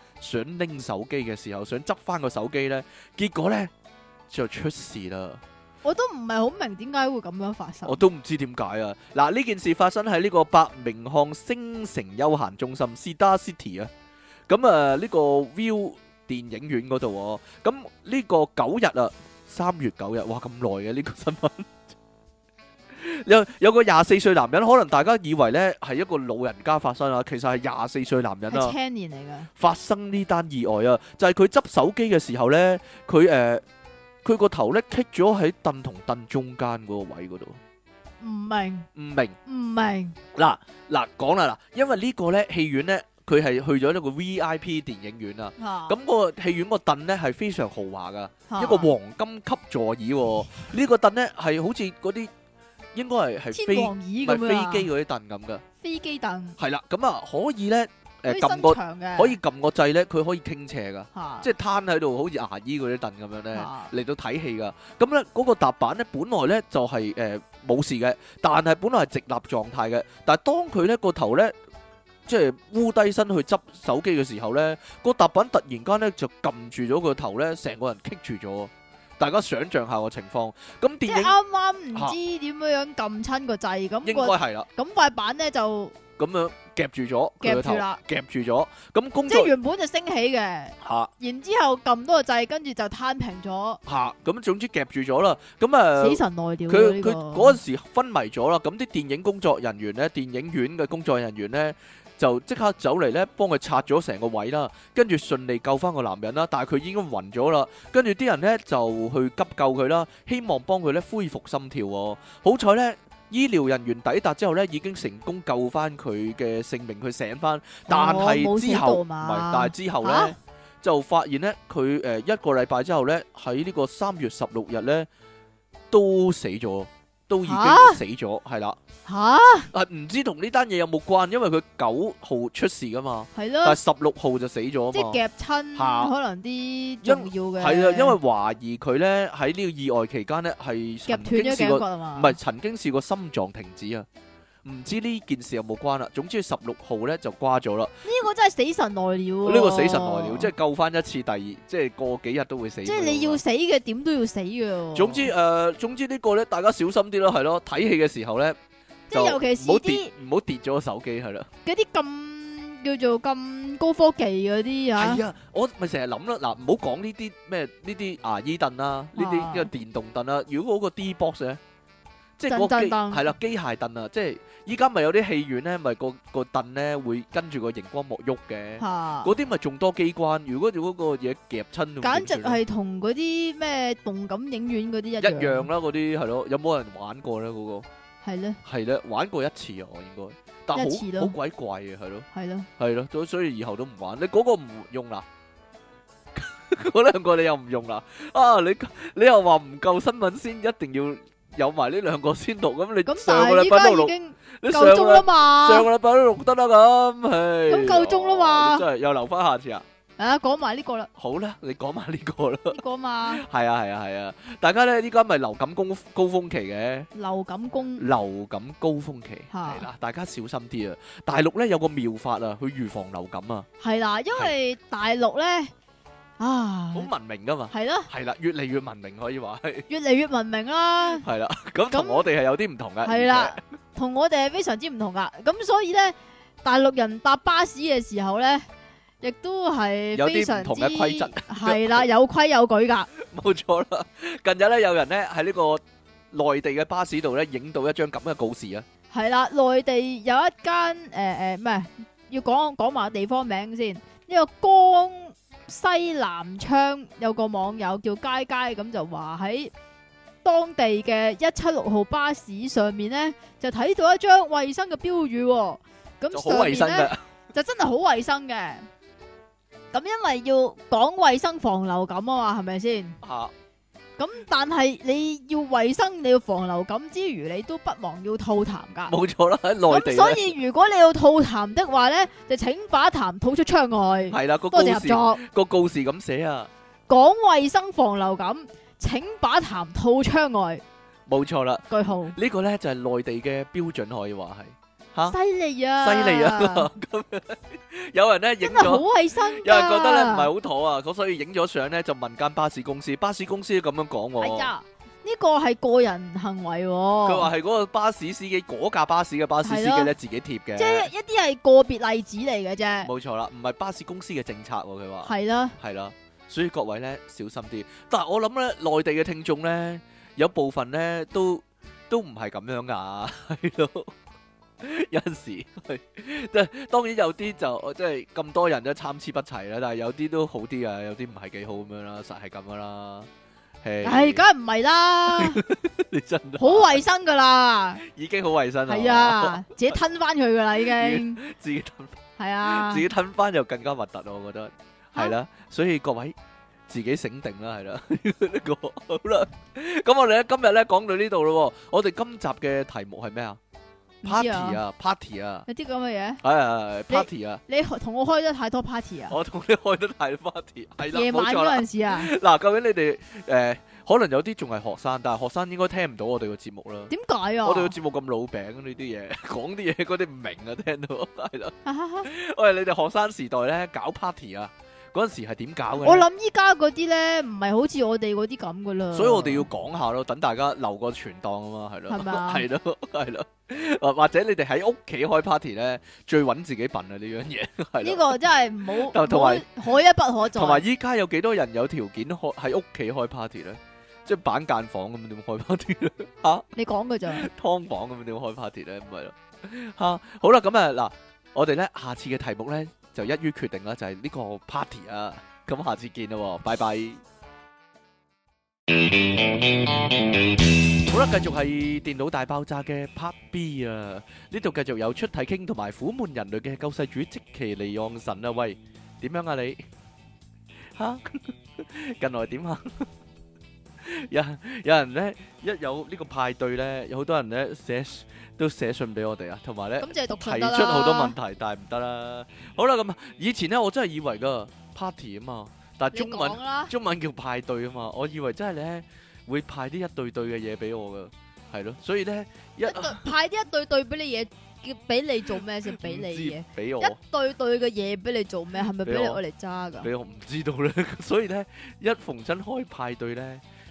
想拎手機嘅時候，想執翻個手機呢，結果呢就出事啦！我都唔係好明點解會咁樣發生，我都唔知點解啊！嗱，呢件事發生喺呢個伯明翰星城休閒中心，Star City 啊，咁啊呢個 View 電影院嗰度，咁呢個九日啊，三月九日，哇咁耐嘅呢個新聞。有有個廿四歲男人，可能大家以為咧係一個老人家發生啊，其實係廿四歲男人啊，青年嚟噶。發生呢單意外啊，就係佢執手機嘅時候咧，佢誒，佢個頭咧棘咗喺凳同凳中間嗰個位嗰度。唔明，唔明，唔明。嗱嗱講啦嗱，因為呢個咧戲院咧，佢係去咗一個 VIP 電影院啊。啊。咁個戲院個凳咧係非常豪華噶，一個黃金級座椅。呢個凳咧係好似嗰啲。應該係係飛咪王是飛機嗰啲凳咁嘅，飛機凳係啦，咁啊可以咧，誒、呃，撳個可以撳個掣咧，佢可以傾斜噶，的即係攤喺度，好似牙醫嗰啲凳咁樣咧嚟到睇戲噶。咁咧嗰個踏板咧，本來咧就係誒冇事嘅，但係本來係直立狀態嘅。但係當佢咧、個頭咧，即係烏低身去執手機嘅時候咧，個踏板突然間咧就撳住咗個頭咧，成個人棘住咗。大家想象下個情況，咁電影啱啱唔知點樣樣撳親個掣，咁、啊那個、應該係啦。咁塊板咧就咁樣夾住咗，夾住啦，夾住咗。咁工作即係原本就升起嘅，啊、然之後撳多個掣，跟住就攤平咗。嚇、啊！咁、啊、總之夾住咗啦。咁啊，死神來了。佢佢嗰陣時昏迷咗啦。咁啲電影工作人員咧，電影院嘅工作人員咧。就即刻走嚟咧，幫佢拆咗成個位啦，跟住順利救翻個男人啦。但係佢已經暈咗啦，跟住啲人呢，就去急救佢啦，希望幫佢咧恢復心跳。好彩呢，醫療人員抵達之後呢，已經成功救翻佢嘅性命，佢醒翻。但係之後，哦、但係之後呢，就發現呢，佢誒一個禮拜之後呢，喺呢個三月十六日呢，都死咗。都已經死咗，係啦。吓，係唔知同呢單嘢有冇關？因為佢九號出事噶嘛，係咯的。但係十六號就死咗啊嘛，即係夾親，可能啲重要嘅、啊。係啦，因為懷疑佢咧喺呢個意外期間咧係，夾斷咗頸骨啊嘛，唔係曾經試過心臟停止啊。唔知呢件事有冇關啦，總之十六號咧就瓜咗啦。呢個真係死神來了，呢個死神來了，即係救翻一次，第二即係過幾日都會死。即係你要死嘅，點都要死嘅。總之誒，總之呢個咧，大家小心啲咯，係咯，睇戲嘅時候咧，就尤其是唔好跌，唔好跌咗個手機，係啦。嗰啲咁叫做咁高科技嗰啲啊，係啊，我咪成日諗啦，嗱，唔好講呢啲咩，呢啲牙醫凳啦，呢啲呢個電動凳啦，如果嗰個 D box 咧。即係嗰個係啦，機械凳啊！即係依家咪有啲戲院咧，咪個個凳咧會跟住個熒光幕喐嘅。嗰啲咪仲多機關，如果做嗰個嘢夾親，簡直係同嗰啲咩動感影院嗰啲一樣啦。嗰啲係咯，有冇人玩過咧？嗰個係咧，係咧，玩過一次啊！我應該，但係好好鬼怪啊係咯，係咯，係咯，所以以後都唔玩。你嗰個唔用啦，嗰兩個你又唔用啦。啊，你你又話唔夠新聞先，一定要。有埋呢兩個先讀，咁你上個禮拜都錄，你夠鐘啦嘛？上個禮拜都錄得啦咁，咁夠鐘啦嘛？真係又留翻下次啊！啊，講埋呢個啦，好啦，你講埋呢個啦，呢個嘛，係啊，係啊，係啊，大家咧呢家咪流感高高峰期嘅流感高流感高峰期係啦，大家小心啲啊！大陸咧有個妙法啊，去預防流感啊，係啦，因為大陸咧。啊，好文明噶嘛，係咯，係啦，越嚟越文明可以話係，越嚟越文明啦，係啦，咁同我哋係有啲唔同嘅，係啦，同我哋係非常之唔同噶，咁所以咧，大陸人搭巴士嘅時候咧，亦都係有啲唔同嘅規則，係啦，有規有矩噶，冇錯啦。近日咧有人咧喺呢個內地嘅巴士度咧影到一張咁嘅告示啊，係啦，內地有一間誒誒咩，要講講埋地方名先，呢個江西南昌有個網友叫佳佳，咁就話喺當地嘅一七六號巴士上面呢，就睇到一張衛生嘅標語，咁上面呢， 就真係好衛生嘅。咁因為要講衛生防流感啊嘛，係咪先？啊咁但係你要衛生，你要防流感之餘，你都不忘要吐痰噶。冇錯啦，喺內地。所以如果你要吐痰的話呢，就請把痰吐出窗外。係啦，多謝合作，個告示咁寫啊，講衛生防流感，請把痰吐窗外。冇錯啦，句號。呢個呢就係內地嘅標準，可以話係。犀利蛤啊！犀利啊！咁樣有人咧影咗，好衛生有人覺得咧唔係好妥啊，咁所以影咗相咧就問間巴士公司，巴士公司都咁樣講喎。係、哎、呀，呢、這個係個人行為、哦。佢話係嗰個巴士司機嗰架巴士嘅巴士司機咧的自己貼嘅。即係一啲係個別例子嚟嘅啫。冇錯啦，唔係巴士公司嘅政策、啊。佢話係啦，係啦的，所以各位咧小心啲。但係我諗咧，內地嘅聽眾咧，有部分咧都都唔係咁樣噶、啊，係咯。 有時，即係當然有啲就，即係咁多人都參差不齊啦。但係有啲都好啲啊，有啲唔係幾好咁樣啦，實係咁噶啦。係，唉，梗係唔係啦，你真係好衛生噶啦，已經好衛生啦，係啊，自己吞翻佢噶啦，已經自己吞翻，係啊，自己吞翻就更加核突，我覺得係啦。所以各位自己醒定啦，係啦，呢個好啦。咁我哋咧今日咧講到呢度咯，我哋今集嘅題目係咩啊？party 啊 party 啊，有啲咁嘅嘢係，係 party 啊，你同我開得太多 party 啊，我同你開得太多 party 係啦，夜晚嗰陣時啊，嗱，究竟你哋誒、呃、可能有啲仲係學生，但係學生應該聽唔到我哋個節目啦。點解啊我哋個節目咁老餅呢啲嘢，講啲嘢嗰啲唔明啊聽到係啦 喂，你哋學生時代咧搞 party 啊嗰陣時係點搞嘅？我諗依家嗰啲咧，唔係好似我哋嗰啲咁噶啦。所以我哋要講下咯，等大家留個存檔啊嘛，係咯，係咯，係 咯，咯，或者你哋喺屋企開 party 咧，最揾自己笨啊呢樣嘢，係、這個。呢個真係唔好，同埋可一不可再。同埋依家有幾多人有條件開喺屋企開 party 咧？即、就、係、是、板間房咁樣點開 party 咧？吓， 你講噶咋？劏房咁樣點開 party 咧？咪咯，吓、啊，好啦，咁啊嗱，我哋咧下次嘅題目咧。就一於決定啦，就係呢個 party 啊！咁下次見咯，拜拜。好啦，繼續係電腦大爆炸嘅 Part B 啊！呢度繼續有出體 king 同埋苦悶人類嘅救世主積淇離岸神啊！喂，點樣啊你？嚇，近來點啊？有 有人咧，一有呢個派對咧，有好多人咧寫都寫信俾我哋啊，同埋咧提出好多問題，啊、但係唔得啦。好啦，咁啊，以前咧我真係以為噶 party 啊嘛，但係中文中文叫派對啊嘛，我以為真係咧會派啲一,一對對嘅嘢俾我噶，係咯，所以咧一,一對派啲一,一對對俾你嘢，叫俾你做咩先？俾你嘢，俾我一對對嘅嘢俾你做咩？係咪俾你我嚟揸噶？俾我唔知道咧， 所以咧一逢親開派對咧。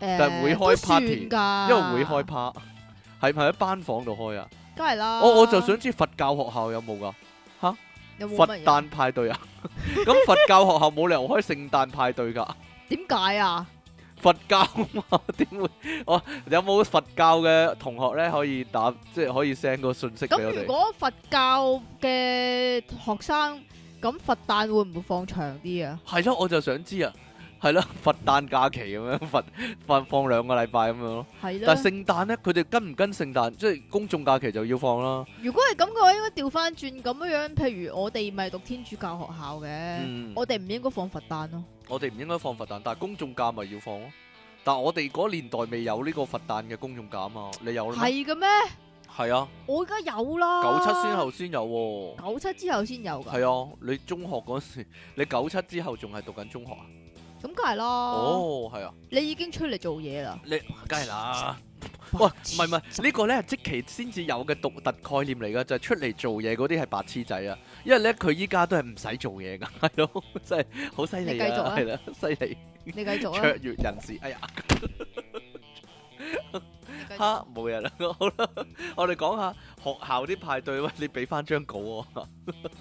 但係會開 party，因為會開趴，係唔係喺班房度開啊？梗係啦，我、oh, 我就想知佛教學校有冇噶吓？啊、有冇佛誕派對啊？咁 佛教學校冇理由開聖誕派對噶？點解啊？佛教嘛點 會？哦，有冇佛教嘅同學咧可以打，即係可以 send 個信息俾我哋？咁如果佛教嘅學生，咁佛誕會唔會放長啲啊？係咯，我就想知啊。係咯，佛誕假期咁樣，佛放放兩個禮拜咁樣咯。係啦是的。但聖誕咧，佢哋跟唔跟聖誕，即係公眾假期就要放啦。如果係咁嘅話，應該調翻轉咁樣樣。譬如我哋咪讀天主教學校嘅，嗯、我哋唔應該放佛誕咯。我哋唔應該放佛誕，但係公眾假咪要放咯。但係我哋嗰年代未有呢個佛誕嘅公眾假啊嘛。你有啦？係嘅咩？係啊。我而家有啦。九七先後先有。九七之後先有噶、啊。係啊，啊，你中學嗰時，你九七之後仲係讀緊中學啊？咁梗係咯！哦，係啊，你已經出嚟做嘢啦！你梗係啦，喂，唔係唔係呢個咧，積淇先至有嘅獨特概念嚟噶，就係、是、出嚟做嘢嗰啲係白痴仔啊！因為咧，佢依家都係唔使做嘢噶，係 咯， 真係好犀利啊！係啦，犀利，你繼續啊！你繼續啊，卓越人士，哎呀， 哈，冇嘢啦，好啦，我哋講下學校啲派對，喂，你俾翻張稿啊！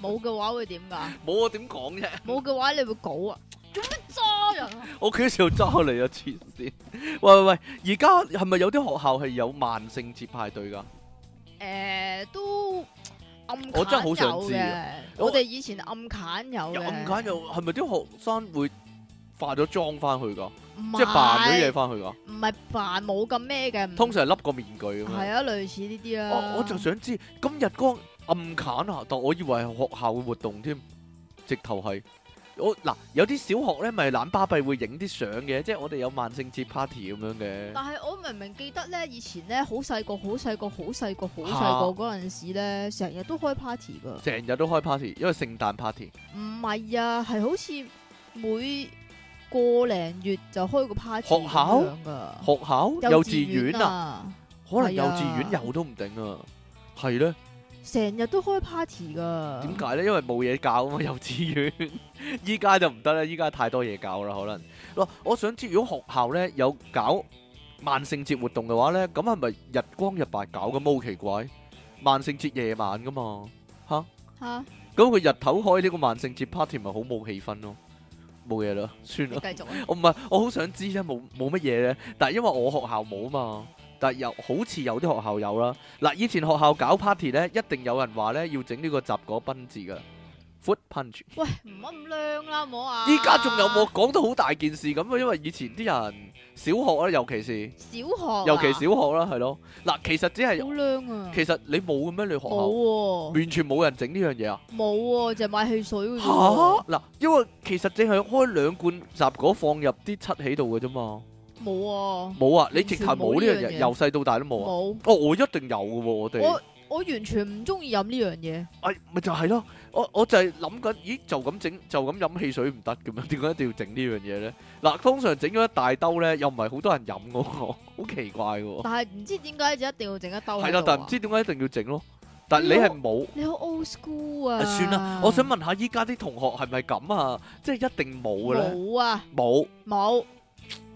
冇 嘅話會點噶？冇我點講啫？冇嘅話你會稿啊？做咩詐人啊？我幾時要詐你啊？前線，喂喂喂，而家係咪有啲學校係有萬聖節派對噶？誒，都暗，我真係好想知。我哋以前暗砍有。暗砍有係咪啲學生會化咗妝翻去噶？即係扮咗嘢翻去噶？唔係扮，冇咁咩嘅。通常係笠個面具咁。係啊，類似呢啲啦。我我就想知，今日光暗砍啊？但我以為係學校嘅活動添，直頭係。我嗱有啲小學咧，咪懶巴閉會影啲相嘅，即係我哋有萬聖節 party 咁樣嘅。但係我明明記得咧，以前咧好細個、好細個、好細個、好細個嗰陣時咧，成日都開 party 噶。成日都開 party，因為聖誕 party。唔係啊，係好似每個零月就開個 party。學校噶，學校幼稚園啊，園啊啊可能幼稚園有都唔定啊，係咧。成日都開 party 噶，點解咧？因為冇嘢搞啊嘛，幼稚園。依 家就唔得咧，依家太多嘢搞啦，可能。我我想知如果學校咧有搞萬聖節活動嘅話咧，咁係咪日光日白搞嘅？好奇怪，萬聖節夜晚噶嘛？吓、啊、吓，咁佢、啊、日頭開呢個萬聖節 party 咪好冇氣氛咯、啊？冇嘢咯，算啦，繼續，我唔係，我好想知咧，冇冇乜嘢咧？但係因為我學校冇啊嘛。但又好似有啲學校有啦。嗱，以前學校搞 party 咧，一定有人話咧要整呢個雜果賓治嘅 foot punch。喂，唔好咁靚啦，唔好啊！依家仲有冇講到好大件事咁啊？因為以前啲人小學啊，尤其是小學，尤其小學啦，係咯。嗱，其實只係好靚啊。其實你冇嘅咩？你學校、冇喎、完全冇人整呢樣嘢啊。冇喎、啊，就係買汽水嗱、啊，因為其實淨係開兩罐雜果放入啲漆喺度嘅啫嘛。冇啊！冇啊！你直頭冇呢樣嘢，由細到大都冇啊！冇哦，我一定有嘅喎，我哋我我完全唔中意飲呢樣嘢。哎，咪就係咯，我我就係諗緊，咦，就咁整就咁飲汽水唔得嘅咩？點解一定要整呢樣嘢咧？嗱，通常整咗一大兜咧，又唔係好多人飲喎，好奇怪嘅。但係唔知點解就一定要整一兜。係啦，但係唔知點解一定要整咯。但係你係冇，你好 old school 啊！算啦，我想問下依家啲同學係咪咁啊？即係一定冇嘅咧。冇啊！冇冇。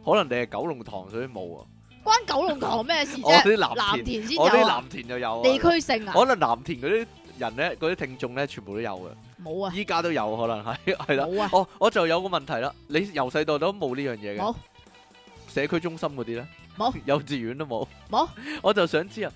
可能你係九龍塘所以冇啊，關九龍塘咩事啫？ 我啲藍藍田，藍田有啊、我啲藍田就有地、啊、區性啊。可能藍田嗰啲人咧，嗰啲聽眾咧，全部都有嘅。冇啊！依家、啊、都有、啊、可能係係啦。冇啊！哦，我就有個問題啦，你由細到大都冇呢樣嘢嘅。有社區中心嗰啲咧？冇有。幼稚園都冇。冇有。 我就想知啊，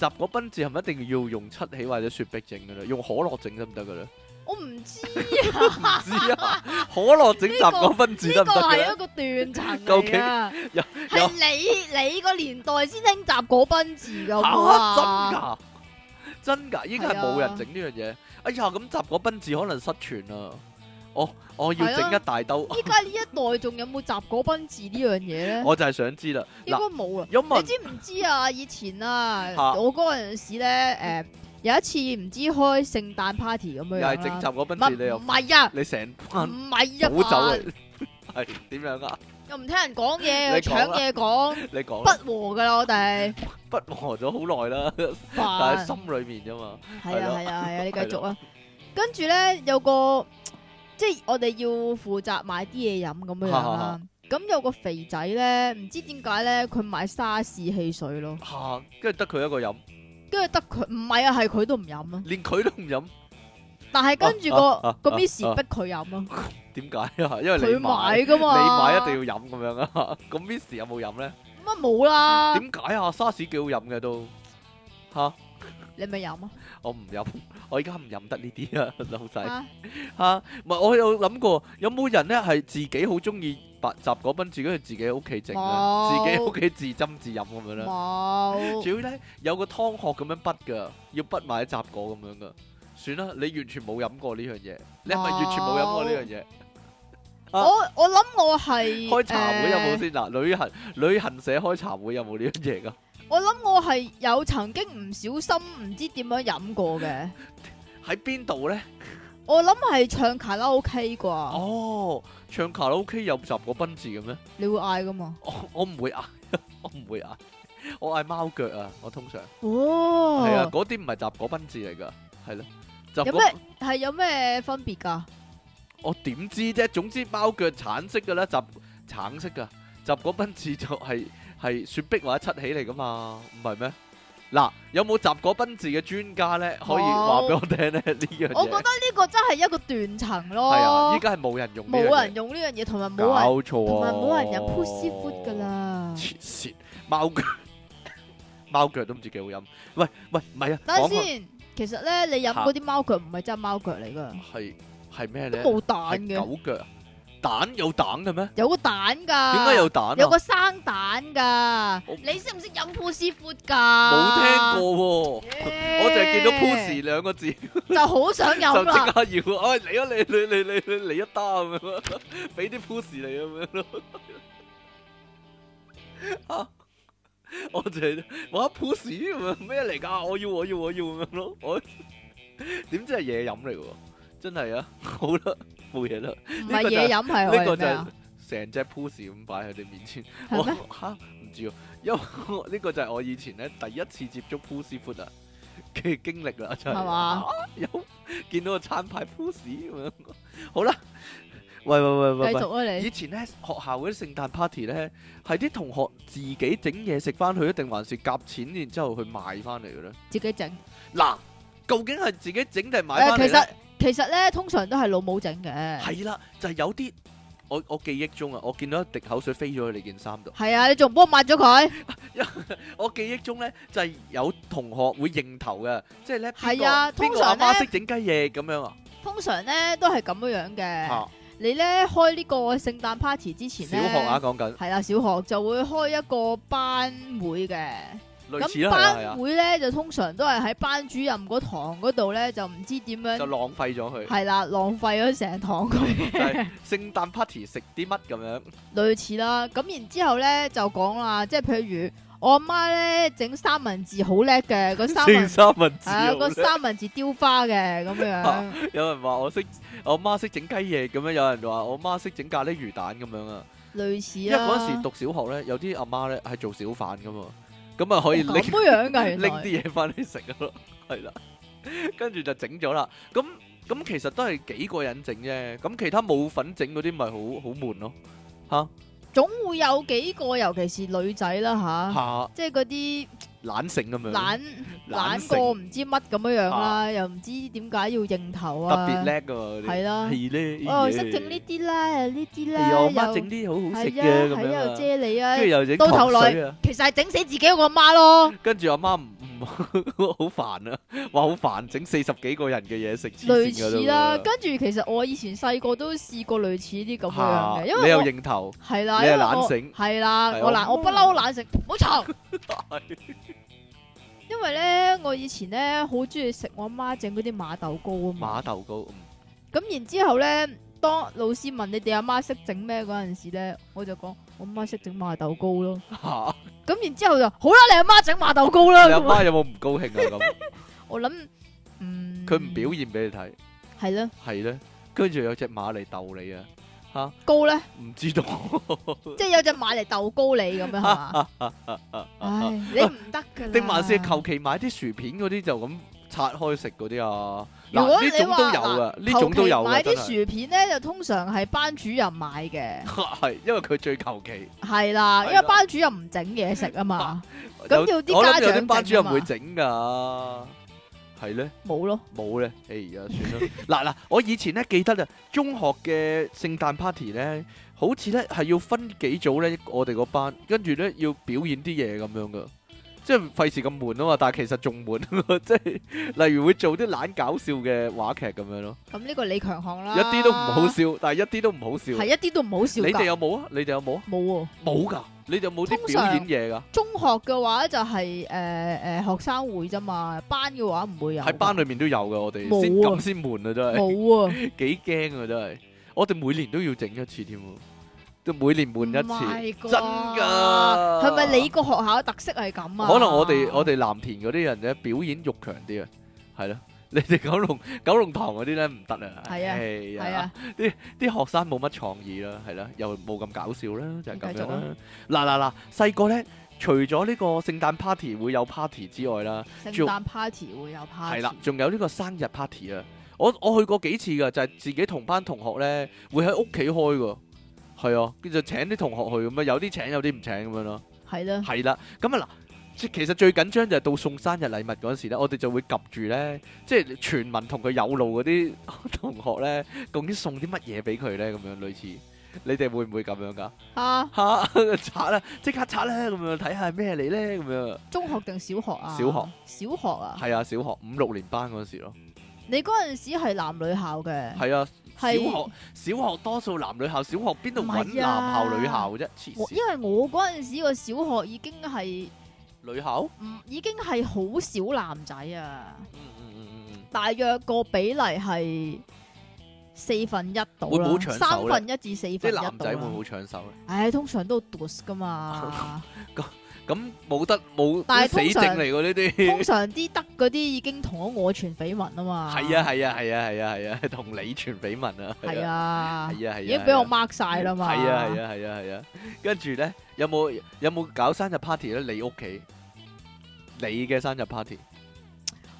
雜果賓治係咪一定要用七喜或者雪碧整嘅咧？用可樂整得唔得嘅咧？我唔知啊， 樂行行啊，可樂整雜果賓治得？呢個係一個斷層。究竟係你你個年代先興雜果賓治噶，真噶真噶，依家係冇人整呢樣嘢。哎呀，咁雜果賓治可能失傳啦。我我要整一大兜，啊。依家呢一代仲有冇雜果賓治呢樣嘢咧？ 我就係想知啦，應該冇啦。有要問你知唔知啊？以前啊，啊我嗰陣時咧，誒、呃。有一次唔知開聖誕 party 咁樣又係整浸個你又唔係一，你成班唔係啊？好酒係點樣啊？又唔聽人講嘢，又搶嘢講，不和噶啦，我哋不和咗好耐啦，但係心裏面啫嘛。係啊係啊係啊，你繼續啊。跟住咧，有個即係我哋要負責買啲嘢飲咁樣樣啦。咁有個肥仔咧，唔知點解咧，佢買沙士汽水咯。吓，跟住得佢一個飲。跟住得佢唔係啊，係佢都唔飲，連佢都唔飲。但係跟住個個 miss 逼佢飲咯。點解啊？因為你買噶嘛，你買一定要飲咁樣 有有啊。咁 miss 有冇飲咧？乜冇啦？點解啊？沙士幾好飲嘅都吓。你咪飲啊？我唔飲，我而家唔飲得呢啲啊，老細吓，唔係，我有諗過，有冇人咧，係自己好中意白雜果冰，自己喺自己屋企整嘅，自己屋企自斟自飲咁樣咧？冇，仲要咧，有個湯殼咁樣滗噶，要滗埋啲雜果咁樣噶。算啦，你完全冇飲過呢樣嘢，你係咪完全冇飲過呢樣嘢？我我諗我係開茶會有冇先嗱？旅行旅行社開茶會有冇呢樣嘢噶？我諗我係有曾經唔小心唔知點樣飲過嘅，喺邊度咧？我諗係唱卡拉 OK 啩。哦，唱卡拉 OK 有雜果賓治嘅咩？你會嗌噶嘛？我唔會嗌，我唔會嗌，我嗌貓腳啊！我通常哦，係啊，嗰啲唔係雜果賓治嚟噶，係咯，啊，有咩係有咩分別噶？我點知啫？總之貓腳橙色嘅啦，雜橙色噶，雜果賓治就係、是。係雪碧或者七喜嚟噶嘛？唔係咩？嗱，有冇雜果賓治嘅專家咧？可以話俾我聽咧？呢樣嘢，我覺得呢個真係一個斷層咯。係啊，依家係冇人用，冇人用呢樣嘢，同埋冇人同埋冇人飲 push food 噶啦。切切貓腳貓腳，都唔知幾好飲。喂喂，唔係啊，等下先。其實咧，你飲嗰啲貓腳唔係真係貓腳嚟噶，係係咩咧？冇蛋嘅狗腳。蛋有蛋嘅咩？有個蛋噶，點解有蛋？有個生蛋噶，你識唔識飲 push 闊噶？冇聽過，我淨係見到 push 兩個字就好想飲啦，就即刻要，哎嚟啊嚟嚟嚟嚟嚟一打咁樣咯，俾啲 push 嚟咁樣咯，啊！我淨係我一 push 咁樣咩嚟噶？我要我要我要咁樣咯，我點知係嘢飲嚟㗎？真係啊，好啦，冇嘢啦。唔係嘢飲，係我哋咩啊？成隻 potluck 咁擺喺你面前，我吓唔知啊。因為呢個就係我以前咧第一次接觸 potluck food 啊嘅經歷啦。係嘛？有見到個餐牌 potluck 咁樣。好啦，喂喂喂喂，繼續啊你。以前咧學校嗰啲聖誕 party 咧，係啲同學自己整嘢食翻去，定還是夾錢然之後去買翻嚟嘅咧？自己整。嗱，究竟係自己整定買翻嚟咧？其實咧，通常都係老母整嘅。係啦，就係有啲，我我記憶中啊，我見到一滴口水飛咗去你件衫度。係啊，你仲唔幫我抹咗佢？ 我記憶中咧就係有同學會認頭嘅，即係咧。係啊，通常咧。邊個阿媽識整雞翼咁樣啊？通常咧都係咁樣嘅。你咧開呢個聖誕 party 之前呢，小學啊講緊係啦，小學就會開一個班會嘅。咁班會咧、啊、就通常都係喺班主任嗰堂嗰度咧，就唔知點樣就浪費咗佢，係啦，浪費咗成堂佢。聖誕 party 食啲乜咁樣？類似啦，咁然之後咧就講啦，即係譬如我阿媽咧整三文治好叻嘅，個三， 三文治三文係啊，個三文治雕花嘅咁樣、啊。有人話我識，我媽識整雞翼咁樣。有人話我媽識整咖喱魚蛋咁樣啊。類似啊，因為嗰時讀小學咧，有啲阿媽咧係做小販噶嘛。咁啊可以拎拎啲嘢翻嚟食咯，係啦，跟住 對了 就整咗啦。咁咁其實都係幾個人整啫。咁其他冇份整嗰啲咪好好悶咯，嚇、啊。總會有幾個，尤其是女仔啦嚇，即係嗰啲懶醒咁樣，懶懶過唔知乜咁樣啦，又唔知點解要認頭啊，特別叻㗎，係啦，係咧，哦識整呢啲啦，呢啲啦，又整啲好好食嘅咁樣，又啫喱啊，到頭來其實係整死自己個媽咯，跟住阿媽唔。 好煩啊！哇，好煩，整四十幾個人嘅嘢食，類似啦、啊。跟住其實我以前細個都試過類似啲咁樣嘅，因為你有應頭，係啦，你又懶食，係啦，我懶，我不嬲懶食，唔好嘈。 因為咧，我以前咧好中意食我阿媽整嗰啲馬豆糕啊嘛。馬豆糕。咁、嗯、然之後咧，當老師問你哋阿媽識整咩嗰陣時咧，我就講。我媽識整馬豆糕咯，咁然之後就好啦，你阿媽整馬豆糕啦。你阿媽有冇唔高興啊？咁我諗，嗯，佢唔表現俾你睇，係咯，係咯，跟住有隻馬嚟鬥你啊，嚇高咧，唔知道，即係有隻馬嚟鬥高你咁樣啊？唉，你唔得㗎，定還是求其買啲薯片嗰啲就咁。拆開食嗰啲啊，嗱呢種都有啊，呢種都有啦。買啲薯片咧，就通常係班主任買嘅，係因為佢最求其。係啦，因為班主任唔整嘢食啊嘛，咁要啲家長整啊嘛。班主任會整噶，係咧？冇咯，冇咧。哎呀，算啦。嗱嗱，我以前咧記得啊，中學嘅聖誕 party 咧，好似咧係要分幾組咧，我哋個班跟住咧要表演啲嘢咁樣噶。即係唔費事咁悶啊嘛，但係其實仲悶、啊，即係例如會做啲懶搞笑嘅話劇咁樣咯、啊。咁呢個你強項啦，一啲都唔好笑，但係一啲都唔好笑，係一啲都唔好笑，你哋有冇？你哋有冇啊？你哋有冇啊？冇、嗯、啊，冇噶，你哋冇啲表演嘢噶。中學嘅話就係誒誒學生會啫嘛，班嘅話唔會有。喺班裏面都有噶，我哋、啊、先咁先悶啊，真係冇啊，幾驚 啊，真係。我哋每年都要整一次添喎。每年換一次，真噶，係咪你個學校嘅特色係咁啊？可能我哋我哋藍田嗰啲人咧表演慾強啲啊，係咯，你哋九龍九龍塘嗰啲咧唔得啊，係啊，係啊，啲啲學生冇乜創意啦，係啦，又冇咁搞笑啦，就係咁樣啦。嗱嗱嗱，細個咧，除咗呢個聖誕 party 會有 party 之外啦，聖誕 party 會有 party 係啦，仲有呢個生日 party 啊，我我去過幾次噶，就係自己同班同學咧會喺屋企開噶。係啊，跟住就請啲同學去咁啊，有啲請，有啲唔請咁樣咯。係啦的，係啦，咁啊嗱，其實最緊張就係到送生日禮物嗰時咧，我哋就會及住咧，即係全民同佢有路嗰啲同學咧，究竟送啲乜嘢俾佢咧？咁樣類似，你哋會唔會咁樣噶？吓吓拆啦，即、啊、 刻拆啦，咁樣睇下咩嚟咧？咁樣中學定小學啊？小學，小學啊？係啊，小學五六年班嗰時咯。你嗰陣時係男女校嘅？係啊。是小學，小學多數男女校，小學邊度搵男校女校啫？啊、因為我嗰陣時個小學已經係女校，已經係好少男仔啊、嗯，嗯嗯嗯嗯，大約個比例係四分一到啦，會會三分一至四分一男仔會好搶手咧。唉、哎，通常都多噶嘛。 咁冇得冇但死證嚟喎呢啲，通常啲得嗰啲已經同我我傳緋聞啊嘛，係啊係啊係啊係啊係啊，同你傳緋聞啊，係啊係啊係啊，已經俾我 mark 曬啦嘛，係啊係啊係啊係啊，跟住咧有冇有冇搞生日 party 咧？你屋企你嘅生日 party？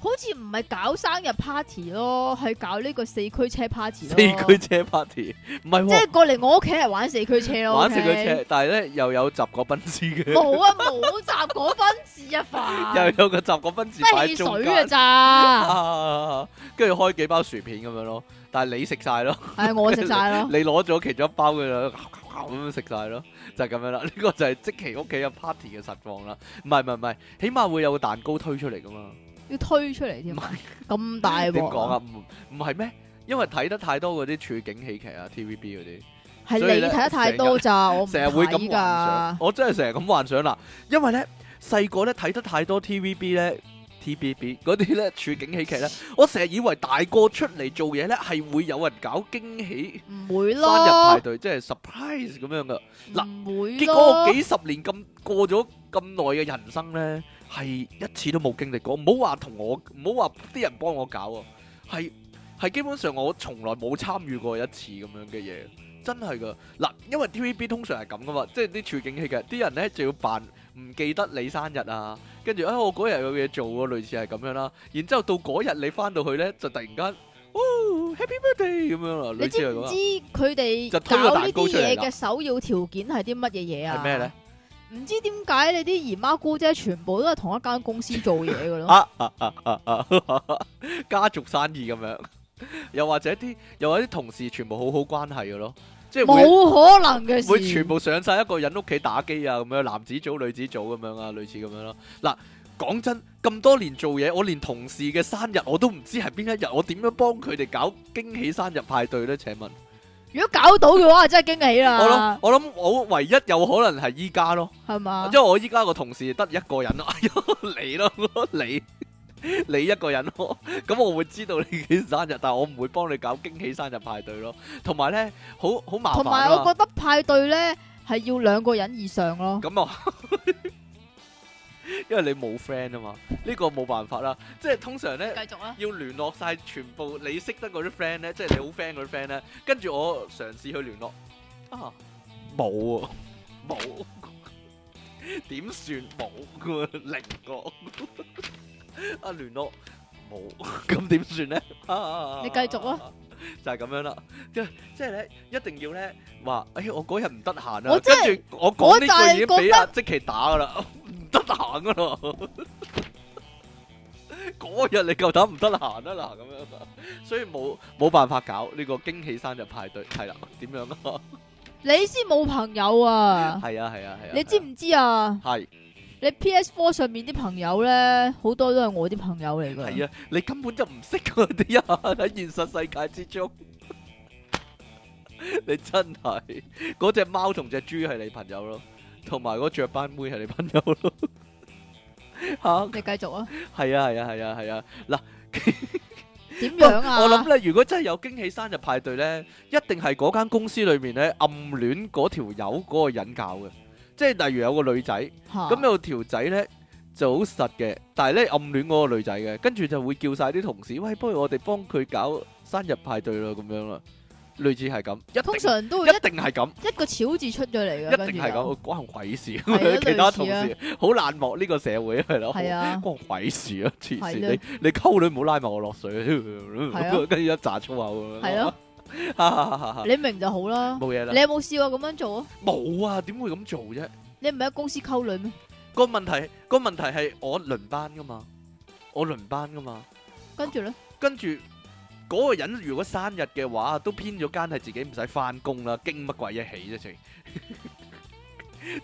好似唔係搞生日 party 咯，係搞呢個四驅車 party 咯。四驅車 party 唔係，啊、 即係過嚟我屋企嚟玩四驅車咯。 玩四 驅車，但係咧又有雜果賓治嘅。冇啊，冇雜果賓治啊，又有個雜果賓治擺中間，咩汽水嘅咋，啊 啊？跟住開幾包薯片咁樣咯，但係你食晒咯。係我食晒咯。你攞咗其中一包嘅，就咁食晒咯，就咁、係、樣啦。呢個就係積淇屋企嘅 party 嘅實況啦。唔係唔係唔係，起碼會有個蛋糕推出嚟噶嘛。要推出嚟添，咁大鑊點講啊？唔唔係咩？因為睇得太多嗰啲處境喜劇啊，TVB 嗰啲係你睇得太多就，常我成日會咁噶，我真係成日咁幻想啦、啊。因為咧細個咧睇得太多 TVB 咧，TVB 嗰啲咧處境喜劇咧，我成日以為大個出嚟做嘢咧係會有人搞驚喜，唔會咯？生日派對即係 surprise 咁樣噶，嗱，會結果我幾十年咁過咗咁耐嘅人生咧。係一次都冇經歷過，唔好話同我，唔好話啲人幫我搞喎，係係基本上我從來冇參與過一次咁樣嘅嘢，真係噶，嗱，因為 TVB 通常係咁噶嘛，即係啲處境戲劇，啲人咧就要扮唔記得你生日啊，跟住啊我嗰日有嘢做喎，類似係咁樣啦，然之後到嗰日你返到去咧，就突然間，哦 Happy Birthday 咁樣啊，類似係咁啊。你知唔知佢哋搞呢啲嘢嘅首要條件係啲乜嘢嘢啊？係咩咧？唔知點解你啲姨媽姑姐全部都係同一間公司做嘢嘅咯？ 家族生意咁樣，又或者啲又或者同事全部好好關係嘅咯，即係冇可能嘅事，會全部上晒一個人屋企打機啊，咁樣，男子組女子組咁樣啊，類似咁樣咯。嗱，講真，咁多年做嘢，我連同事嘅生日我都唔知係邊一日，我點樣幫佢哋搞驚喜生日派對呢？請問？如果搞到嘅話，真係驚喜啦！我諗我諗，我唯一有可能係依家咯，係嘛吧？因為我依家個同事得一個人咯、哎，你咯，你你一個人咯，咁我會知道你幾時生日，但係我唔會幫你搞驚喜生日派對咯。同埋咧，好好麻煩。同埋我覺得派對咧係要兩個人以上咯。咁樣啊。 因為你冇 friend 啊嘛，呢、這個冇辦法啦，即係通常咧、啊、要聯絡晒全部你識得嗰啲 friend 咧，即係你好 friend 嗰啲 friend 咧，跟住我嘗試去聯絡啊，冇 啊，冇點算，冇個零個啊聯絡冇，咁點算咧？你繼續啊！就係咁樣啦，即係即係咧一定要咧話，哎我嗰日唔得閒啦，跟住我講、就、呢、是、句已經俾阿積淇打噶啦。 得閒噶咯，嗰日你夠膽唔得閒啊嗱，咁樣嘛，所以冇冇辦法搞呢個驚喜生日派對係啦，點樣啊？你先冇朋友啊？係啊係啊係啊！你知唔知啊？係你 P S Four 上面啲朋友咧，好多都係我啲朋友嚟噶。係啊，你根本就唔識佢哋啊，喺現實世界之中。你真係，嗰隻貓同隻豬係你朋友咯。同埋嗰著班妹係你朋友咯，吓，你繼續啊！係啊係啊係啊係啊嗱，點樣啊？我諗咧，如果真係有驚喜生日派對咧，一定係嗰間公司裏面咧暗戀嗰條友嗰個人搞嘅，即係例如有個女仔，咁有條仔咧就好實嘅，但係咧暗戀嗰個女仔嘅，跟住就會叫晒啲同事，喂，不如我哋幫佢搞生日派對啦，咁樣啦。類似係咁，通常都會一定係咁，一個“小”字出咗嚟嘅，一定係咁關鬼事，其他同事好冷漠呢個社會係咯，關鬼事啊！黐線，你你溝女唔好拉埋我落水，跟住一紮粗口。係咯，你明就好啦。冇嘢啦，你有冇試過咁樣做啊？冇啊，點會咁做啫？你唔係喺公司溝女咩？個問題個問題係我輪班㗎嘛，我輪班㗎嘛。跟住咧？跟住。嗰個人如果生日嘅話，都編咗間係自己唔使翻工啦，驚乜鬼嘢起啫？成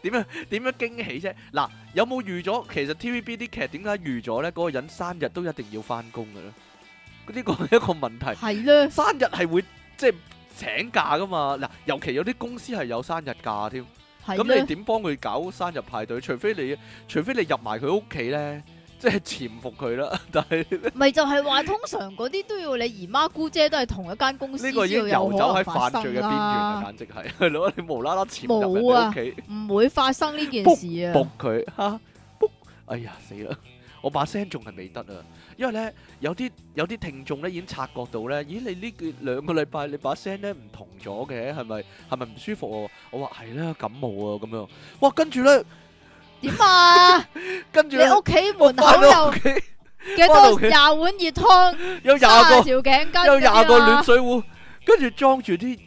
點樣點樣驚喜啫？嗱，有冇預咗？其實 TVB 啲劇點解預咗咧？嗰個人生日都一定要翻工嘅咧，呢個係一個問題係咧。生日係會即係請假噶嘛？嗱，尤其有啲公司係有生日假添，咁你點幫佢搞生日派對？除非你，除非你入埋佢屋企咧。即係潛伏佢啦，但係咪 就係話通常嗰啲都要你姨媽姑姐都係同一間公司，呢 個要游走喺犯罪嘅邊緣啦， 簡直係，攞你無啦啦潛入人哋屋企，唔、啊、 會發生呢件事啊！佢吓哎呀死啦！我把聲仲係未得啊，因為咧有啲有啲聽眾咧已經察覺到咧，咦你呢個兩個禮拜你把聲咧唔同咗嘅，係咪係咪唔舒服啊？我話係啦，感冒啊咁樣，哇跟住咧。點啊！跟住你屋企門口又幾多廿碗熱湯，有廿個條頸巾，有廿個暖水壺，跟住裝住啲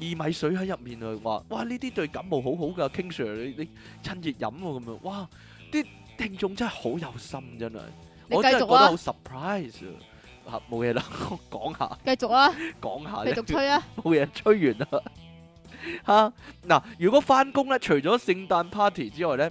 薏米水喺入面啊！話哇呢啲對感冒好好噶，King Sir 你趁熱飲咁樣，哇！啲聽眾真係好有心真係，我真係覺得好 surprise 啊！吓冇嘢啦，講下繼續啦，講下繼續吹啦，冇嘢吹完啦吓嗱！如果翻工咧，除咗聖誕 party 之外咧。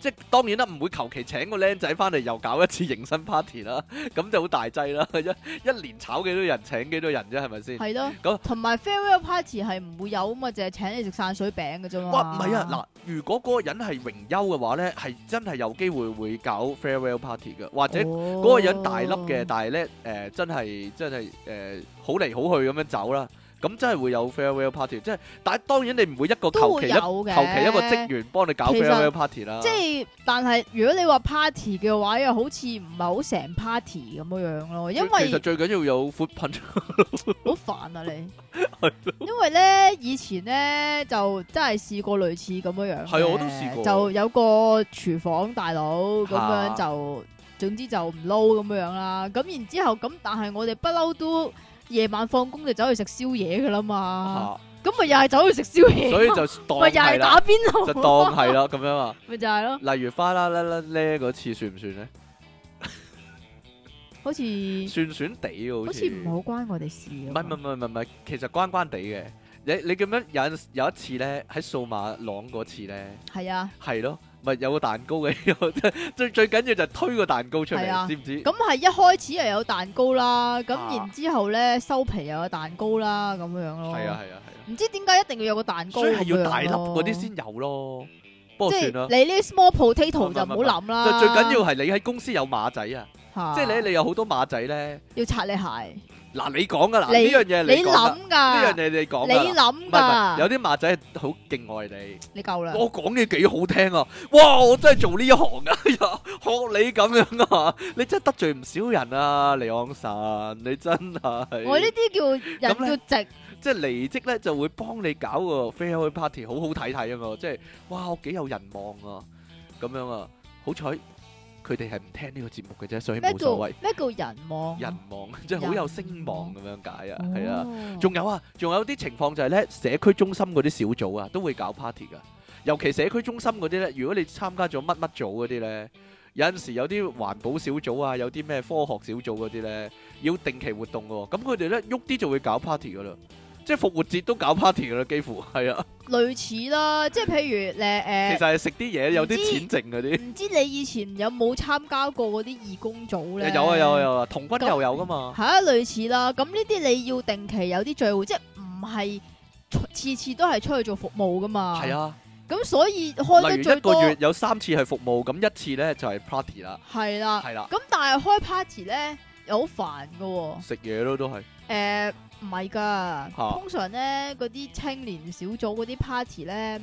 即係當然啦，唔會求其請個僆仔翻嚟又搞一次迎新 party 啦，咁 就好大劑啦。一一年炒幾多人，請幾多人啫，係咪先？係咯的。咁同埋那 farewell party 係唔會有啊嘛，淨係請你食散水餅嘅啫嘛。哇，唔係啊，嗱，如果嗰個人係榮休嘅話咧，係真係有機會會搞 farewell party 嘅，或者嗰個人大粒嘅，但係咧誒，真係真係誒、呃，好嚟好去咁樣走啦。咁真係會有 farewell party，即係，但當然你唔會一個求其嘅，求其一,一個職員幫你搞 farewell party 啦。即係，但係如果你話 party 嘅話，又好似唔係好成 party 咁樣樣咯。因為其實最緊要有 fun punch 好煩啊 你！ 因為咧以前咧就真係試過類似咁樣樣。係啊，我都試過。就有個廚房大佬咁樣、啊、就總之就唔撈咁樣樣啦。咁然之後咁，但係我哋不嬲都。夜晚放工就走去食宵夜噶啦嘛，咁咪又係走去食宵夜，所以就咪又係打邊爐，就當係啦咁樣啊，咪 就係咯。例如花啦啦啦咧嗰次算唔算咧？ 好似像 算算地好似唔好關我哋事，唔係唔係唔唔係，其實關關地嘅。你你咁樣有有一次咧喺數碼廊嗰次咧，係啊，係咯。有個蛋糕嘅， 最最緊要就推個蛋糕出嚟，啊、知唔知？咁係一開始又有蛋糕啦，咁、啊、然之後咧收皮又有蛋糕啦，咁樣咯。係啊係啊係啊！唔、啊啊、知點解一定要有個蛋糕？所以係要大粒嗰啲先有咯。不過、啊、你呢 small potato 就唔好諗啦。最緊要係你喺公司有馬仔啊，即係你你有好多馬仔咧，要擦你鞋。嗱，你講噶啦，呢樣嘢你諗噶，呢樣嘢你講，你諗噶。有啲馬仔好敬愛你，你夠啦。我講嘢幾好聽啊，哇！我真係做呢一行噶，學你咁樣啊，你真係得罪唔少人啊，離岸神，你真係。我呢啲叫人要值，即係離職咧就會幫你搞個 farewell party，好好睇睇啊嘛，即係哇，我幾有人望啊，咁樣啊，好彩。佢哋係唔聽呢個節目嘅啫，所以冇所謂。咩叫人望？人望即係好有聲望咁樣解啊，係啊。仲有啊，仲有啲情況就係咧，社區中心嗰啲小組啊，都會搞 party 噶。尤其社區中心嗰啲咧，如果你參加咗乜乜組嗰啲咧，有陣時有啲環保小組啊，有啲咩科學小組嗰啲咧，要定期活動嘅，咁佢哋咧喐啲就會搞 party 噶啦。即係復活節都搞 party 噶啦，幾乎係啊，類似啦，即係譬如誒誒，欸、其實係食啲嘢有啲錢剩嗰啲。唔知你以前有冇參加過嗰啲義工組咧？有啊有啊有啊，童軍又有噶嘛？啊，類似啦。咁呢啲你要定期有啲聚會，即係唔係次次都係出去做服務噶嘛？係啊的。咁所以開得最多一個月有三次係服務，咁一次咧就係 party 啦。係啦係啦。咁但係開 party 咧又好煩噶，煩哦、食嘢咯都係。誒，唔係噶，啊、通常咧嗰啲青年小組嗰啲 party 咧，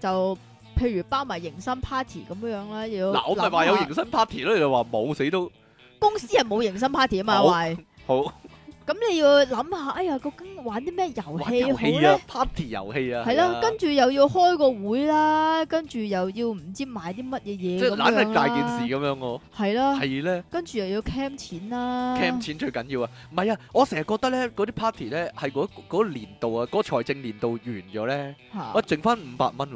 就譬如包埋迎新 party 咁樣啦，要嗱、啊、我咪話有迎新 party 咯，你就話冇，死都公司係冇迎新 party 啊嘛，係 好。 咁、嗯、你要諗下，哎呀，究竟玩啲咩遊戲好咧？Party 遊戲啊，係咯、啊， 啊、跟住又要開個會啦，跟住又要唔知買啲乜嘢嘢，即係攬一大件事咁樣咯。係 啦，係咧，跟住又要 cam 錢啦，cam 錢最緊要啊！唔係啊，我成日覺得咧，嗰啲 party 咧係嗰嗰年度啊，嗰、嗰個財政年度完咗咧，我、呃、剩翻五百蚊。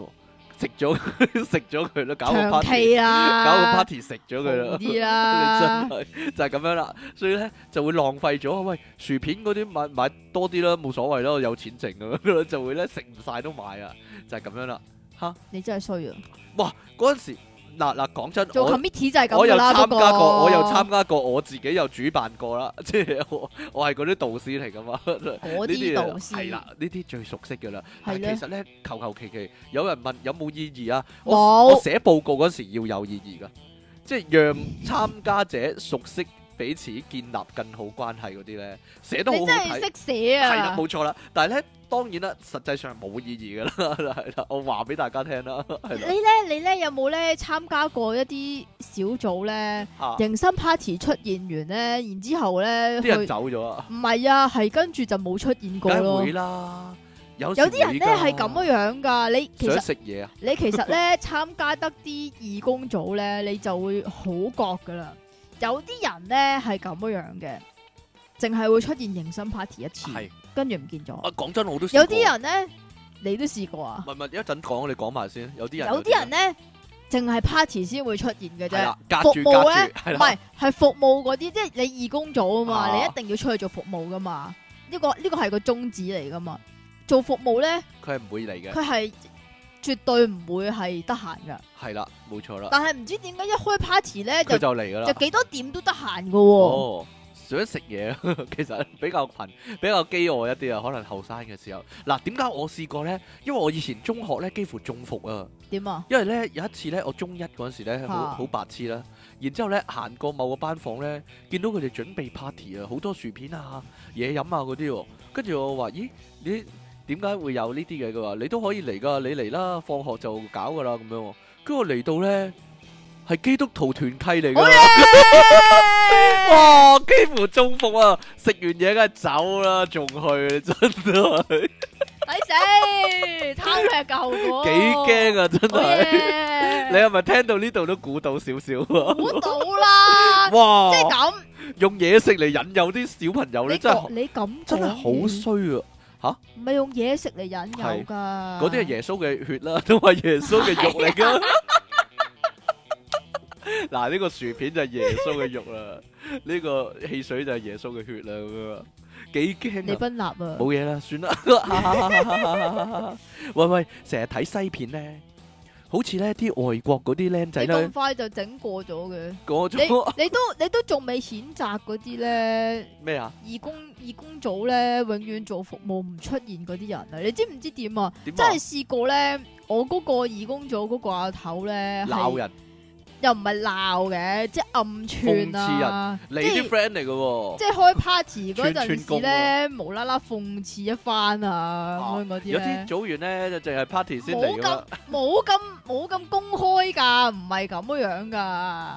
食咗食咗佢咯，搞個 party，搞個 party 食咗佢啦， 你真係就係、是、咁樣啦。所以咧就會浪費咗。喂，薯片嗰啲買買多啲啦，冇所謂咯，有錢剩咁樣，就會咧食唔晒都買啊，就係、是、咁樣啦。嚇，你真係衰啊！哇，嗰陣時。嗱嗱，講真，我我又參加過，那個、我又參加過，我自己又主辦過啦。即係我，我係嗰啲導師嚟噶嘛？呢啲導師係啦，呢啲最熟悉噶啦。呢但其實咧，求求其其有人問有冇意義啊？我，冇我寫報告嗰時要有意義噶，即係讓參加者熟悉。彼此建立更好關係嗰啲咧，寫得好好睇。你真係識寫啊！係啦，冇錯啦。但係咧，當然啦，實際上係冇意義噶啦，係啦。我話俾大家聽啦。你咧，你咧有冇咧參加過一啲小組咧？啊、迎新 party 出現完咧，然之後咧，啲、啊、他人走咗啊？唔係啊，係跟住就冇出現過咯。梗係會啦，有有啲人咧係咁樣樣噶。你其實食嘢啊？你其實咧參加得啲義工組咧，你就會好覺噶啦。有啲人咧，係咁樣樣嘅，淨係會出現迎新 party 一次，跟住唔見咗。啊，講真，我都有啲人咧，你都試過啊？唔係唔係，一陣講，你講埋先。有啲人，有啲人咧，淨係 party 先會出現嘅啫。啊、服務咧，唔係係服務嗰啲，即係你義工組啊嘛，啊你一定要出去做服務噶嘛。呢、呢個呢個係個宗旨嚟噶嘛，做服務咧，佢係唔會嚟嘅。佢係。絕對唔會係得閒噶，係啦，冇錯啦。但係唔知點解一開 party 咧，佢就嚟噶啦，就幾多點都得閒噶喎。想食嘢，其實比較貧，比較飢餓一啲啊。可能後生嘅時候，嗱、啊，點解我試過咧？因為我以前中學咧幾乎中伏啊。點啊？因為咧有一次咧，我中一嗰陣時咧好好白痴啦，然後之後咧行過某個班房咧，見到佢哋準備 party 啊，好多薯片啊、嘢飲啊嗰啲，跟住、啊、我話：咦，你？點解會有呢啲嘅？佢話你都可以嚟噶，你嚟啦，放學就搞噶啦咁樣。跟住嚟到咧，係基督徒團契嚟嘅。Oh、yeah! 哇，幾乎中伏啊！食完嘢梗係走啦，仲去真係抵死，貪咩舊貨？幾驚啊！真係、oh、yeah! 你係咪聽到呢度都估到少少？估到啦！ 哇，即係咁用嘢食嚟引誘啲小朋友咧，你你真係你咁真係好衰啊！吓，唔係用嘢食嚟引誘噶，嗰啲係耶穌嘅血啦，都係耶穌嘅肉嚟噶。嗱，呢個薯片就係耶穌嘅肉啦，呢個汽水就係耶穌嘅血啦，咁啊，幾驚你不立啊，冇嘢啦，算啦。喂喂，成日睇西片咧。好似咧啲外國嗰啲僆仔咁快就整過咗嘅過咗，你都你都你都仲未譴責嗰啲咧咩啊？義工義工組咧，永遠做服務唔出現嗰啲人啊！你知唔知點啊？點樣真係試過咧，我嗰個義工組嗰個阿頭咧鬧人。又唔係鬧嘅，即係暗串啊！人啊，你啲 friend 嚟嘅喎，即係開 party 嗰陣時咧，串串啊、無啦啦諷刺一番啊咁樣啲咧。啊、有啲組員咧就淨係 party 先冇咁，冇咁冇咁公開㗎，唔係咁樣㗎。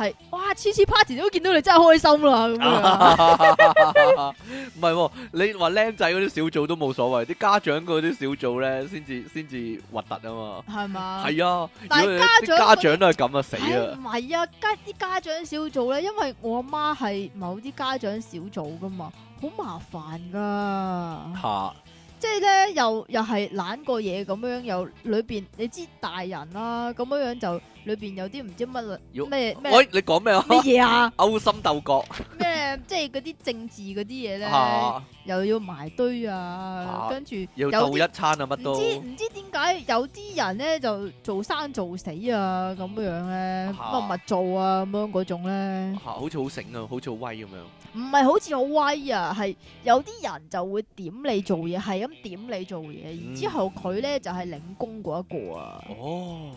係哇，次次 party 都見到你真係開心啦！咁樣唔係喎，你話僆仔嗰啲小組都冇所謂，啲家長嗰啲小組咧先至先至核突啊嘛，係嘛？係啊，啊但係家長家長都係咁啊死啊！唔係、哎、啊，家啲家長小組咧，因為我阿媽係某啲家長小組噶嘛，好麻煩噶，即係咧又又係懶過嘢咁樣，又裏邊你知大人啦、啊、咁樣樣就。裏邊有啲唔知乜嘞，你講咩啊？咩嘢啊，勾心鬥角咩？即係嗰啲政治嗰啲嘢咧，又要埋堆啊，跟住又做一餐啊，乜都唔知唔知點解有啲人咧就做生做死啊咁樣咧，乜物做啊咁樣嗰種咧，好似好醒啊，好似好威咁樣。唔係好似好威啊，係有啲人就會點你做嘢，係咁點你做嘢，然之後佢咧就係領功嗰一個啊。哦。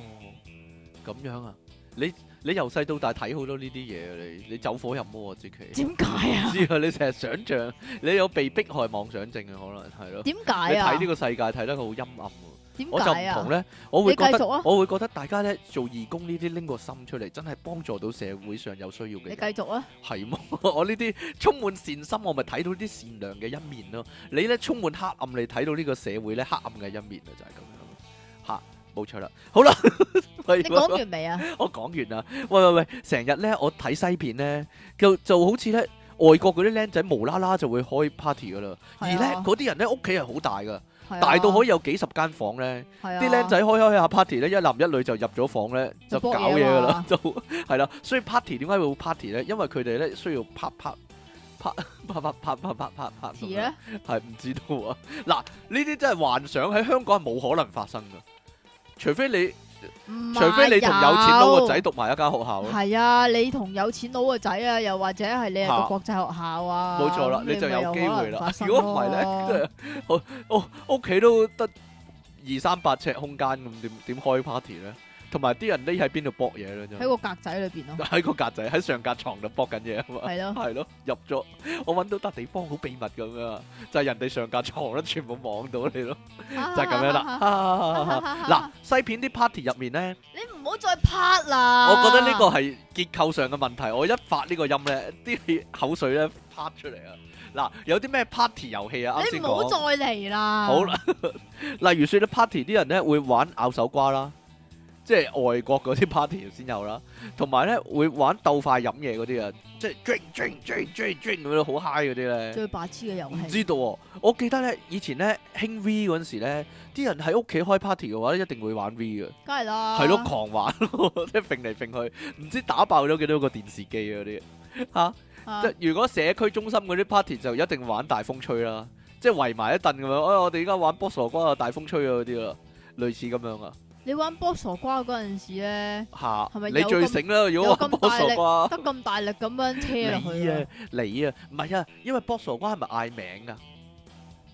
咁樣啊？你你由細到大睇好多呢啲嘢，你你走火入魔啊自己？點解啊？知啊，你成日想象，你有被迫害妄想症嘅可能係咯？點解啊？你睇呢個世界睇得佢好陰暗啊？點解啊？我就唔同咧，我會覺得，我會覺得大家咧做義工呢啲拎個心出嚟，真係幫助到社會上有需要嘅人。你繼續啊？係嘛，我呢啲充滿善心，我咪睇到啲善良嘅一面咯。你咧充滿黑暗，你睇到呢個社會咧黑暗嘅一面啊，就係咁樣吓。冇錯啦，好啦，呵呵你講完未啊？我講完啦。喂喂喂，成日咧我睇西片咧，就就好似咧外國嗰啲僆仔無啦啦就會開 party 噶啦。是啊、而咧嗰啲人咧屋企係好大噶，是啊、大到可以有幾十間房咧。啲僆仔開開下 party 咧，一男一女就入咗房咧，就搞嘢噶啦，就係 啦。所以 party 點解會有 party 咧？因為佢哋咧需要啪啪啪啪啪啪啪啪啪。而咧係唔知道啊！嗱，呢啲真係幻想喺香港係冇可能發生噶。 除非你，除非你同有錢佬個仔讀埋一間學校，係啊，你同有錢佬個仔啊，又或者係你係個國際學校啊，冇錯啦，嗯、你就有機會啦。如果唔係咧，即係屋屋屋企都得二三百尺空間咁，點點開 party 咧？同埋啲人匿喺邊度博嘢啦，就喺個格仔裏邊咯。喺個格仔喺上格床度博緊嘢啊嘛。係咯，係咯。入咗我揾到笪地方好秘密噶，就人哋上格床都全部望到你咯。就係咁樣啦。嗱，西片啲 party 入面咧，你唔好再拍啦。我覺得呢個係結構上嘅問題。我一發呢個音咧，啲口水咧拍出嚟啊！嗱，有啲咩 party 遊戲啊？你唔好再嚟啦。好啦，例如説咧，party 啲人咧會玩咬手瓜啦。即係外國嗰啲 party 先有啦，同埋咧會玩鬥快飲嘢嗰啲啊，即係 drink drink drink drink drink 咁樣好 high 嗰啲咧。最白痴嘅遊戲。唔知道，我記得咧以前咧興 V 嗰陣時咧，啲人喺屋企開 party 嘅話咧，一定會玩 V 嘅。梗係啦。係咯，狂玩咯，即係揈嚟揈去，唔知打爆咗幾多個電視機嗰啲嚇。如果社區中心嗰啲 party 就一定玩大風吹啦，即係圍埋一陣咁樣。哎，我哋依家玩波傻瓜啊，大風吹啊嗰啲啦，類似咁樣啊。你玩波傻瓜嗰陣時咧，吓，係咪你最醒啦？如果玩波傻瓜得咁大力咁樣踢佢啊，你啊，唔係啊，因為波傻瓜係咪嗌名噶？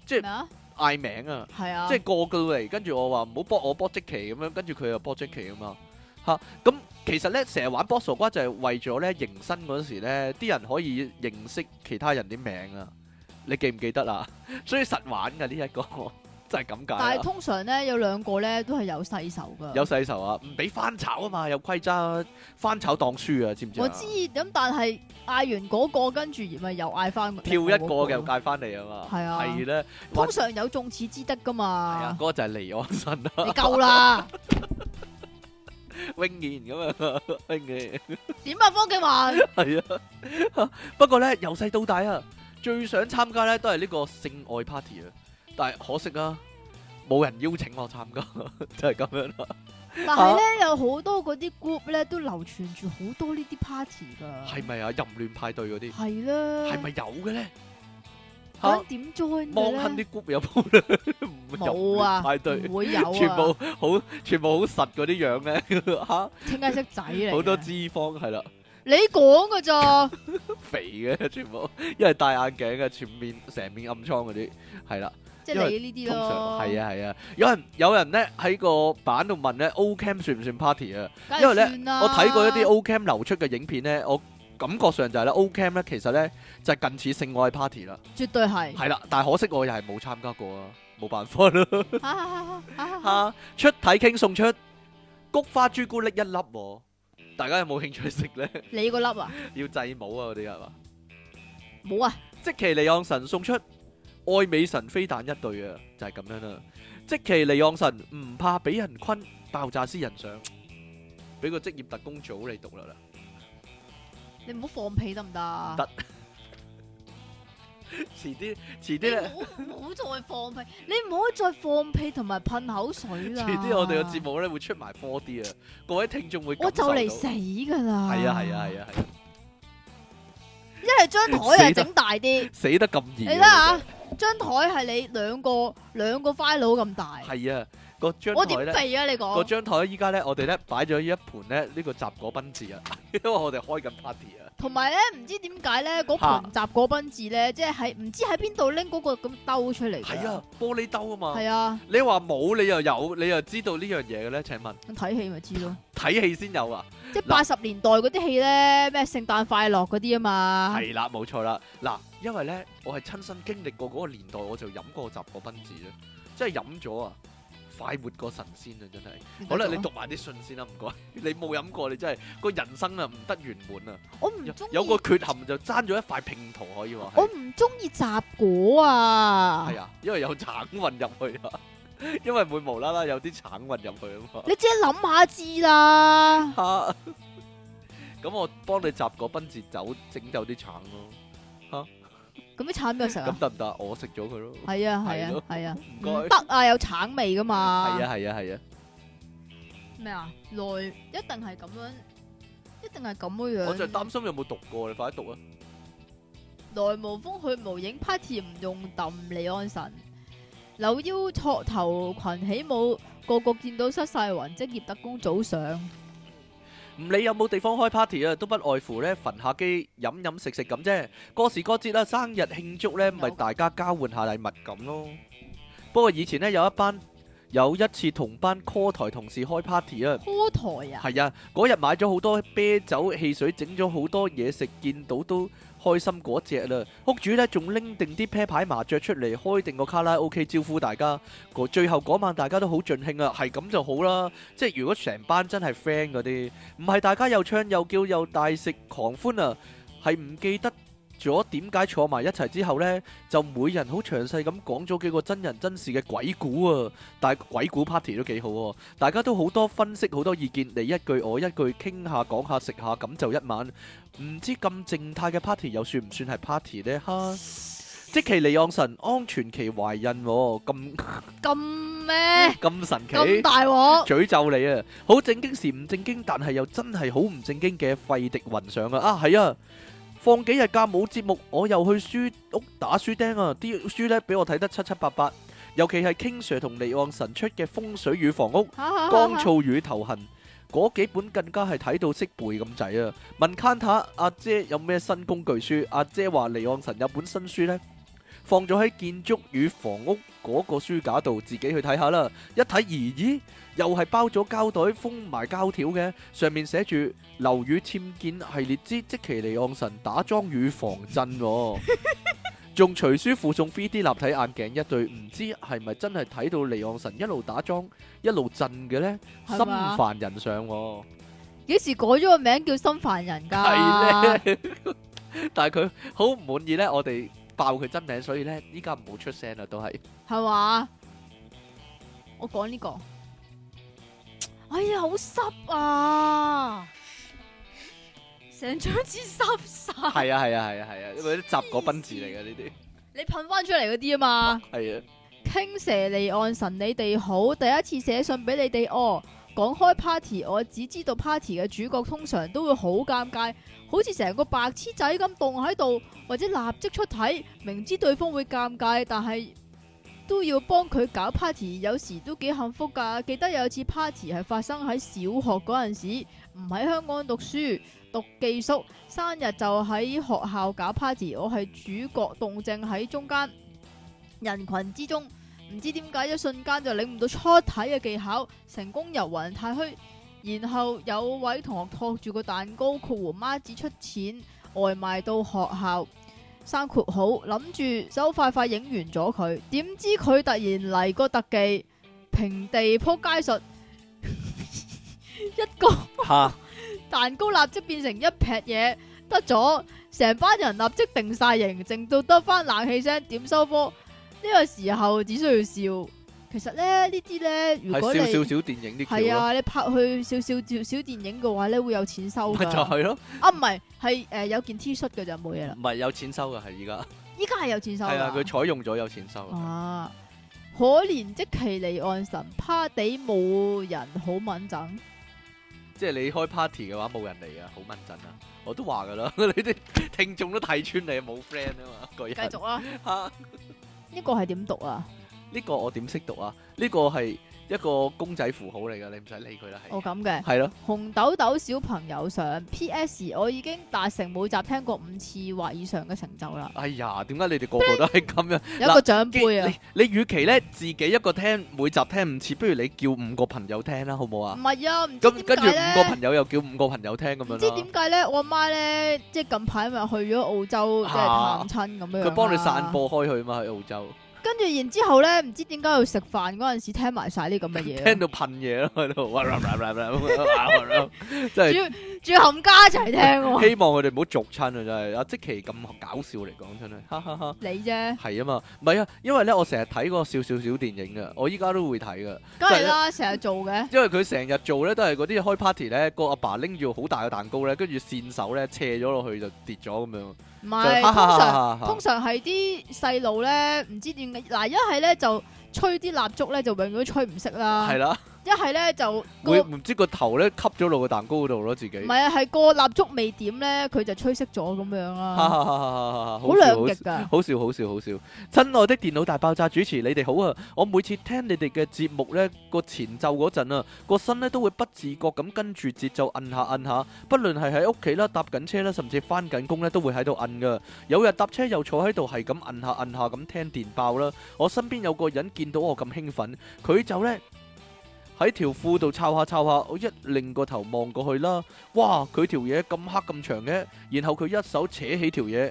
即係嗌名啊，係啊，即係過到嚟，跟住我話唔好波我波積淇咁樣，跟住佢又波積淇啊嘛，吓，咁其實咧成日玩波傻瓜就係為咗咧迎新嗰陣時咧，啲人可以認識其他人啲名啊，你記唔記得啊？所以實玩噶呢一個。就係咁解。但係通常咧，有兩個咧都係有細仇噶。有細仇啊，唔俾翻炒啊嘛，有規則、啊、翻炒當輸啊，知唔知、啊、我知，咁但係嗌完嗰、那個，跟住而咪又嗌翻。跳一個又嗌翻嚟啊嘛。係啊。係咧呢，通常有眾矢之的噶嘛。係啊，嗰說、啊那個就係離岸神啊。你夠救啦，翁然咁啊，翁然。點 啊，啊，方景文。係 啊，啊，啊。不過咧，由細到大啊，最想參加咧都係呢個性愛 party 啊。但係可惜啊，冇人邀請我參加，就係咁樣啦。但係咧，有好多嗰啲 group 咧，都流傳住好多呢啲 party 噶。係咪啊？淫亂派對嗰啲？係啦。係咪有嘅咧？吓，點 join 咧？望下啲 group 有冇咧？冇啊！派對唔會有啊？全部好，全部好實嗰啲樣咧。吓？點解識仔嚟？好多脂肪係啦。你講嘅咋？肥嘅，全部，因為戴眼鏡嘅，全面成面暗瘡嗰啲，係啦。即係呢啲咯，係啊係啊，有人有人咧喺個版度問咧，O cam 算唔算 party 啊？梗係算啦。因為咧，我睇過一啲 O cam 流出嘅影片咧，我感覺上就係咧，O cam 咧其實咧就係近似性愛 party 啦。絕對係。係啦，但係可惜我又係冇參加過啊，冇辦法咯。嚇嚇嚇嚇！出體 king 送出菊花朱古力一粒，大家有冇興趣食咧？你個粒啊？要祭母啊？嗰啲係嘛？冇啊！積淇離岸神送出，愛美神飛彈一對啊，就係、是、咁樣啦。積淇離岸神唔怕俾人坤，爆炸私人相，俾個職業特工組嚟讀啦啦。你唔好放屁得唔得？得不行。遲 啲，遲啲啦。唔好 再放屁，你唔好再放屁同埋噴口水啦。遲啲我哋嘅節目咧會出埋波啲啊，各位聽眾會我就嚟死噶啦。係啊係啊係啊係。啊啊 一係將台又整大啲，死得咁易，啊。 你啦，啊！下。張台係你兩個兩個 file 佬咁大。係啊，個張台咧。我點肥啊？你講。個張台依家咧，我哋咧擺咗一盤咧呢個雜果賓治啊，因為我哋開緊 party 啊。同埋咧，唔知點解咧，嗰盤雜果賓治咧，即係喺唔知喺邊度拎嗰個咁兜出嚟。係啊，玻璃兜啊嘛。係啊。你話冇你又有，你又知道呢樣嘢嘅咧？請問。睇戲咪知咯。睇戲先有啊，即係八十年代嗰啲戲咧，咩聖誕快樂嗰啲啊嘛。係啦，啊，冇錯啦，嗱。因為咧，我係親身經歷過嗰個年代，我就飲過雜果賓治咧，即係飲咗啊，快活過神仙啊！真係，好啦，你讀埋啲信先啦，唔該。你冇飲過，你真係個人生啊，唔得圓滿啊！我唔中，有個缺陷就爭咗一塊拼圖可以話。我唔中意雜果啊，係啊，因為有橙運入去啊，因為會無啦啦有啲橙運入去啊嘛。你即係諗下知啦，咁我幫你雜果賓治酒整走啲橙咯嚇。咁啲橙邊個食啊？咁得唔得？我食咗佢咯。係啊係啊係啊，唔該。得啊，有橙味噶嘛？係啊係啊係啊。咩啊？來一定係咁樣，一定係咁嘅樣。我就擔心有冇讀過，你快啲讀啊！來無風去無影，party 唔用氹你安神。扭腰綽頭群起舞，個個見到失晒魂，職業特工早上。唔理有冇地方開 party 啊，都不外乎咧，傾下偈，飲飲食食咁啫。過時過節啦，生日慶祝咧，咪大家交換下禮物咁咯。不過以前咧，有一班。有一次同班 call 台同事開 party 啊，call 台啊，係啊，嗰日買咗好多啤酒汽水，整咗好多嘢食，見到都開心嗰隻啦。屋主咧，仲拎定啲啤牌麻雀出嚟，開定個卡拉 OK 招呼大家。個最後晚大家都好盡興啊，係咁就好啦。即係如果成班真係 friend 嗰啲，唔係大家又唱又叫又大食狂歡啊，係唔記得。咗點解坐埋一齊之後呢？就每人好詳細咁講咗幾個真人真事嘅鬼故啊！但係鬼故 party 都幾好，啊，大家都好多分析，好多意見，你一句我一句，傾下講下食下，咁就一晚。唔知咁正太嘅 party 又算唔算係 party 呢？哈！積淇離岸神安全期懷孕，啊，咁咁咩？咁 神奇咁大鑊！詛咒你啊！好正經時唔正經，但係又真係好唔正經嘅廢迪雲上啊！啊係啊！放幾日假冇節目，我又去書屋打書釘啊！啲書咧俾我睇得七七八八，尤其係 King Sir 同離岸神出嘅《風水與房屋》《乾燥與頭痕》嗰幾本更加係睇到識背咁滯啊！問 Kanta 阿姐有咩新工具書？阿姐話離岸神有本新書咧，放咗喺建築與房屋嗰個書架度，自己去睇下啦。一睇咦咦～又係包咗膠袋封埋膠條嘅，上面寫住《流雨簽劍系列之積淇離岸神打樁與防震》，仲隨書附送 3D 立體眼鏡一對，唔知係咪真係睇到離岸神一路打樁一路震嘅呢？心煩人上，幾時改咗個名叫心煩人噶？係咧？但係佢好唔滿意咧，我哋爆佢真名，所以咧依家唔好出聲啦，都係係話？我講呢個。哎呀，好濕啊！成張紙濕晒。係啊，係啊，係啊，係啊，因為啲雜果賓字嚟嘅呢啲。 你噴翻出嚟嗰啲啊嘛。係啊。King 積淇離岸神，你哋好。第一次寫信俾你哋，哦！講開 party，我只知道 party 嘅主角通常都會好尷尬，好似成個白痴仔咁凍喺度，或者立即出體，明知對方會尷尬，但係。都要幫佢搞 party，有時都幾幸福噶。記得有一次 party 係發生喺小學嗰陣時，唔喺香港讀書讀寄宿，生日就喺學校搞 party，我係主角動靜，動靜喺中間人群之中，唔知點解一瞬間就領悟到出體嘅技巧，成功遊魂太虛。然後有位同學托住個蛋糕，括弧媽子出錢外賣到學校。生括，好諗住手快快影完咗佢，點知佢突然嚟個特技平地扑街術， 一高光哈 蛋糕立即變成一劈嘢，得咗成班人立即定晒形，剩到得翻冷氣聲，點收科呢？呢個時候只需要笑。其實咧呢啲咧，如果你少少小，小，小電影啲係啊，你拍去少少小，小，小，小電影嘅話咧，會有錢收咪就係咯？啊，唔係，係誒、呃、有件 T 恤嘅就冇嘢啦。唔係、嗯、有錢收嘅係依家，依家係有錢收。係啊，佢採用咗有錢收。啊，可憐積淇離岸神 party 冇人好穩陣，即係你開 party 嘅話冇人嚟啊，好穩陣啊，我都話噶啦，你 啲聽眾都睇穿你冇 friend 啊嘛。繼續啊，呢個係點讀啊？呢個我點識讀啊？呢、呢個係一個公仔符號嚟㗎，你唔使理佢啦。哦，咁嘅，係咯的。紅豆豆小朋友上 P.S. 我已經達成每集聽過五次或以上嘅成就啦。哎呀，點解你哋個個都係咁樣？叮啦有一個長輩啊！你與其咧自己一個聽每集聽五次，不如你叫五個朋友聽啦，好唔好啊？唔係啊，咁跟住五個朋友又叫五個朋友聽咁樣啦。唔知點解咧？我媽咧即係近排咪去咗澳洲即係、啊、探親咁樣。佢幫你散播開去嘛？去澳洲。跟住然之後咧，唔知點解要食飯嗰陣時聽埋晒呢咁嘅嘢， 聽到噴嘢咯喺度，即係主主冚家一齊聽喎。希望佢哋唔好逐親啊！真係阿即奇咁搞笑嚟講真係，你啫，係啊 嘛，唔係啊，因為咧我成日睇個少少小，小，小電影嘅，我依家都會睇噶。梗係啦，成日、就是、做嘅。因為佢成日做咧都係嗰啲開 party 咧，個阿爸拎住好大嘅蛋糕咧，跟住線手咧斜咗落去就跌咗咁樣。唔係，通常 通常係啲細路咧，唔知點解嗱、啊，一係咧就吹啲蠟燭咧，就永遠都吹唔熄啦。係啦。一係咧就，會個唔知個頭咧吸咗落個蛋糕度咯，自己。唔係啊，係個蠟燭未點咧，佢就吹熄咗咁樣啊。好兩極噶，好笑好笑好笑。親愛的電腦大爆炸主持，你哋好啊！我每次聽你哋嘅節目咧，個前奏嗰陣啊，個身咧都會不自覺咁跟住節奏摁下摁下，不論係喺屋企啦、搭緊車啦，甚至翻緊工咧，都會喺度摁噶。有日搭車又坐喺度，係咁摁下摁下咁聽電爆啦。我身邊有個人見到我咁興奮，佢就咧。喺條褲度抄下抄下，我一擰個頭望過去啦，哇！佢條嘢咁黑咁長嘅，然後佢一手扯起條嘢。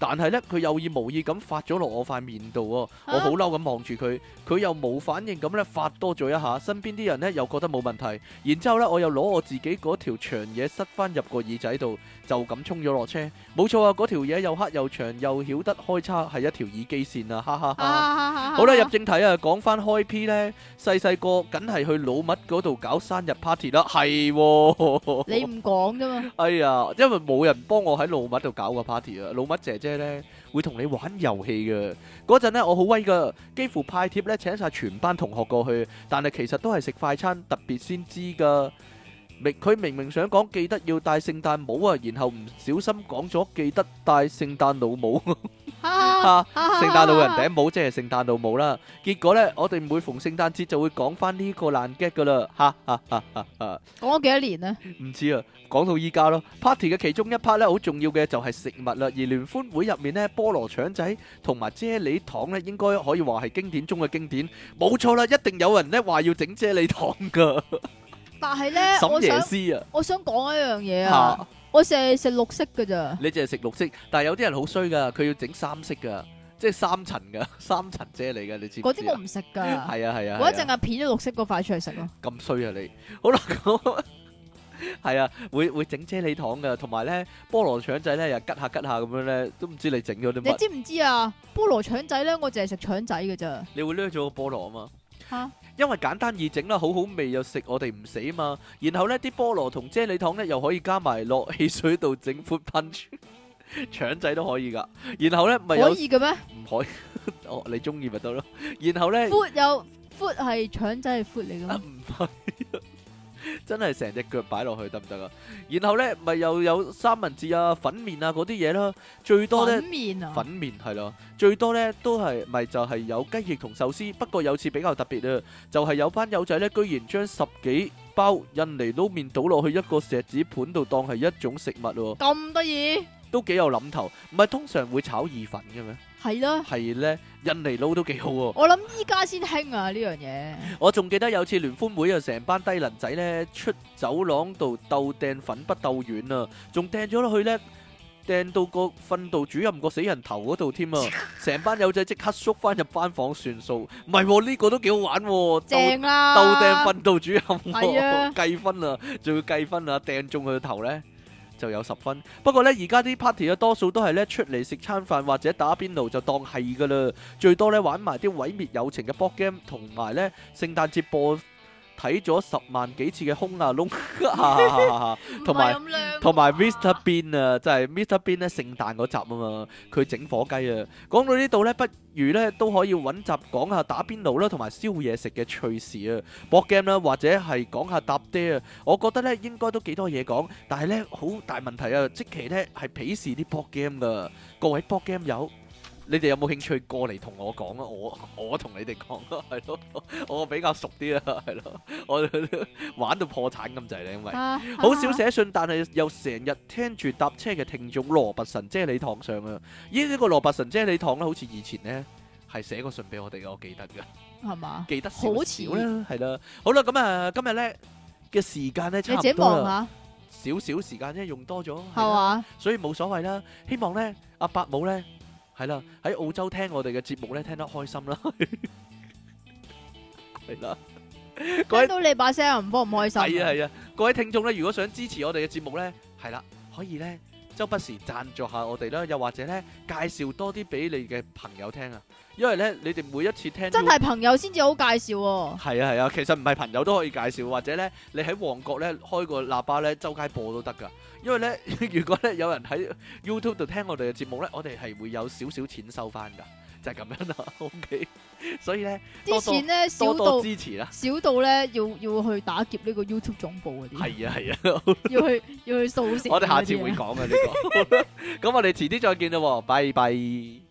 但係咧，佢有意無意咁發咗落我塊面度，我好嬲咁望住佢，佢又冇反應咁咧發多咗一下，身邊啲人咧又覺得冇問題，然之後咧我又攞我自己嗰條長嘢塞翻入個耳仔度，就咁衝咗落車。冇錯啊，嗰條嘢又黑又長又曉得開叉，係一條耳機線啊！哈哈哈！好啦，入正題啊，講翻開 P 咧，細細個梗係去老麥嗰度搞生日 party 啦，係喎，你唔講㗎嘛？哎呀，因為冇人幫我喺老麥度搞個 party 啊，老麥姐姐。咧會同你玩遊戲嘅嗰陣呢，我好威㗎，幾乎派帖咧請晒全班同學過去，但係其實都係食快餐特別先知㗎。明佢明明想講記得要戴聖誕帽啊，然後唔小心講咗記得戴聖誕老帽。啊！聖誕老人頂帽即係聖誕老帽啦。結果咧，我哋每逢聖誕節就會講翻呢個爛 gag 噶啦。吓吓吓吓吓！講咗幾多年咧？唔知啊，講到依家咯。Party 嘅其中一 part 咧，好重要嘅就係食物啦。而聯歡會入面咧，菠蘿腸仔同埋啫喱糖咧，應該可以話係經典中嘅經典。冇錯啦，一定有人咧話要整啫喱糖噶。但係咧、啊，我想講一樣嘢啊，啊，我成日食綠色噶咋，你淨係食綠色，但係有啲人好衰噶，佢要整三色噶，即係三層噶，三層啫喱噶，你知唔知？嗰啲我唔食噶，係啊係啊，我一陣啊，片咗、啊啊、綠色嗰塊出嚟食咯。咁衰啊你，好啦，係 啊，會會整啫喱糖噶，同埋咧菠蘿腸仔咧又吉下吉下咁樣咧，都唔知你整咗啲咩。你知唔知啊？菠蘿腸仔咧，我淨係食腸仔噶啫，你會掠咗個菠蘿啊嘛？因為簡單易整啦，好好味又食我哋唔死啊嘛！然後咧啲菠蘿同啫喱糖咧又可以加埋落汽水度整闊噴腸仔都可以噶。然後咧唔係可以嘅咩？唔可以哦，你中意咪得咯。然後咧闊又闊係腸仔係闊嚟噶嘛。唔係。真係成隻腳擺落去得唔得啊？然後咧咪又有三文治啊、粉麵啊嗰啲嘢啦，最多咧粉麵啊，粉麵係咯，最多咧都係咪就係有雞翼同壽司？不過有次比較特別啊，就係有班友仔咧，居然將十幾包印尼撈麵倒落去一個錫紙盤度當係一種食物喎，咁得意都幾有諗頭，唔係通常會炒意粉嘅咩？係咯，係咧，印尼佬都幾好喎、啊。我諗依家先興啊呢樣嘢。我仲記得有次聯歡會啊，成班低能仔咧出走廊度鬥掟粉筆鬥遠啊，仲掟咗落去咧，掟到個訓導主任個死人頭嗰度添啊！成 班友仔即刻縮翻入班房算數。唔係、啊，呢、呢個都幾好玩喎、啊。鬥正啦鬥掟訓導主任、啊，的 計分啊，仲要計分啊，掟中佢個頭咧。就有十分，不過呢，而家啲 party 呢，多數都係呢，出嚟食餐飯或者打邊爐就當係噶啦，最多呢，玩埋啲毀滅友情嘅 board game，同埋呢聖誕節播。睇咗十萬幾次嘅《空啊窿》，同埋同埋 Mr. Bean 啊，就係 Mr. Bean 咧聖誕嗰集啊嘛，佢整火雞啊。講到呢度咧，不如咧都可以揾集講下打邊爐啦，同埋燒嘢食嘅趣事啊，博 game 啦，或者係講下搭爹啊。我覺得咧應該都幾多嘢講，但係咧好大問題啊，即其咧係鄙視啲博 game 㗎。各位博 game 友。你哋有冇興趣過嚟同我講啊？我我同你哋講咯，係咯，我比較熟啲啊，係咯，我玩到破產咁滯啦，因為好、啊、少寫信，但係又成日聽住搭車嘅聽眾羅拔神啫喱糖上啊，依一、這個羅拔神啫喱糖咧，好似以前咧係寫過信俾我哋嘅，我記得嘅，係嘛吧？記得少少好少像啦，係啦，好啦，咁啊，今日咧嘅時間咧差唔多啦，看看少少時間啫，用多咗係嘛，所以冇所謂啦。希望咧阿伯母咧。係啦，喺澳洲聽我哋嘅節目咧，聽得開心啦，係啦，聽到你把聲又唔方唔開心。係啊係啊，各位聽眾咧，如果想支持我哋嘅節目咧，係啦，可以咧周不時贊助下我哋啦，又或者咧介紹多啲俾你嘅朋友聽啊，因為咧你哋每一次聽真係朋友先至好介紹。係啊係啊，其實唔係朋友都可以介紹，或者咧你喺旺角咧開個喇叭咧周街播都得噶。因為咧，如果咧有人喺 YouTube 度聽我哋嘅節目咧，我哋係會有少少錢收翻噶，就係、是、咁樣啦。O、okay? K， 所以咧呢，啲錢咧少到支持啦，少到咧要要去打劫呢個 YouTube 總部嗰、啊、啲。係啊係啊 要，要去要去掃射，我哋下次會講啊呢個。咁 我哋遲啲再見啦，拜拜。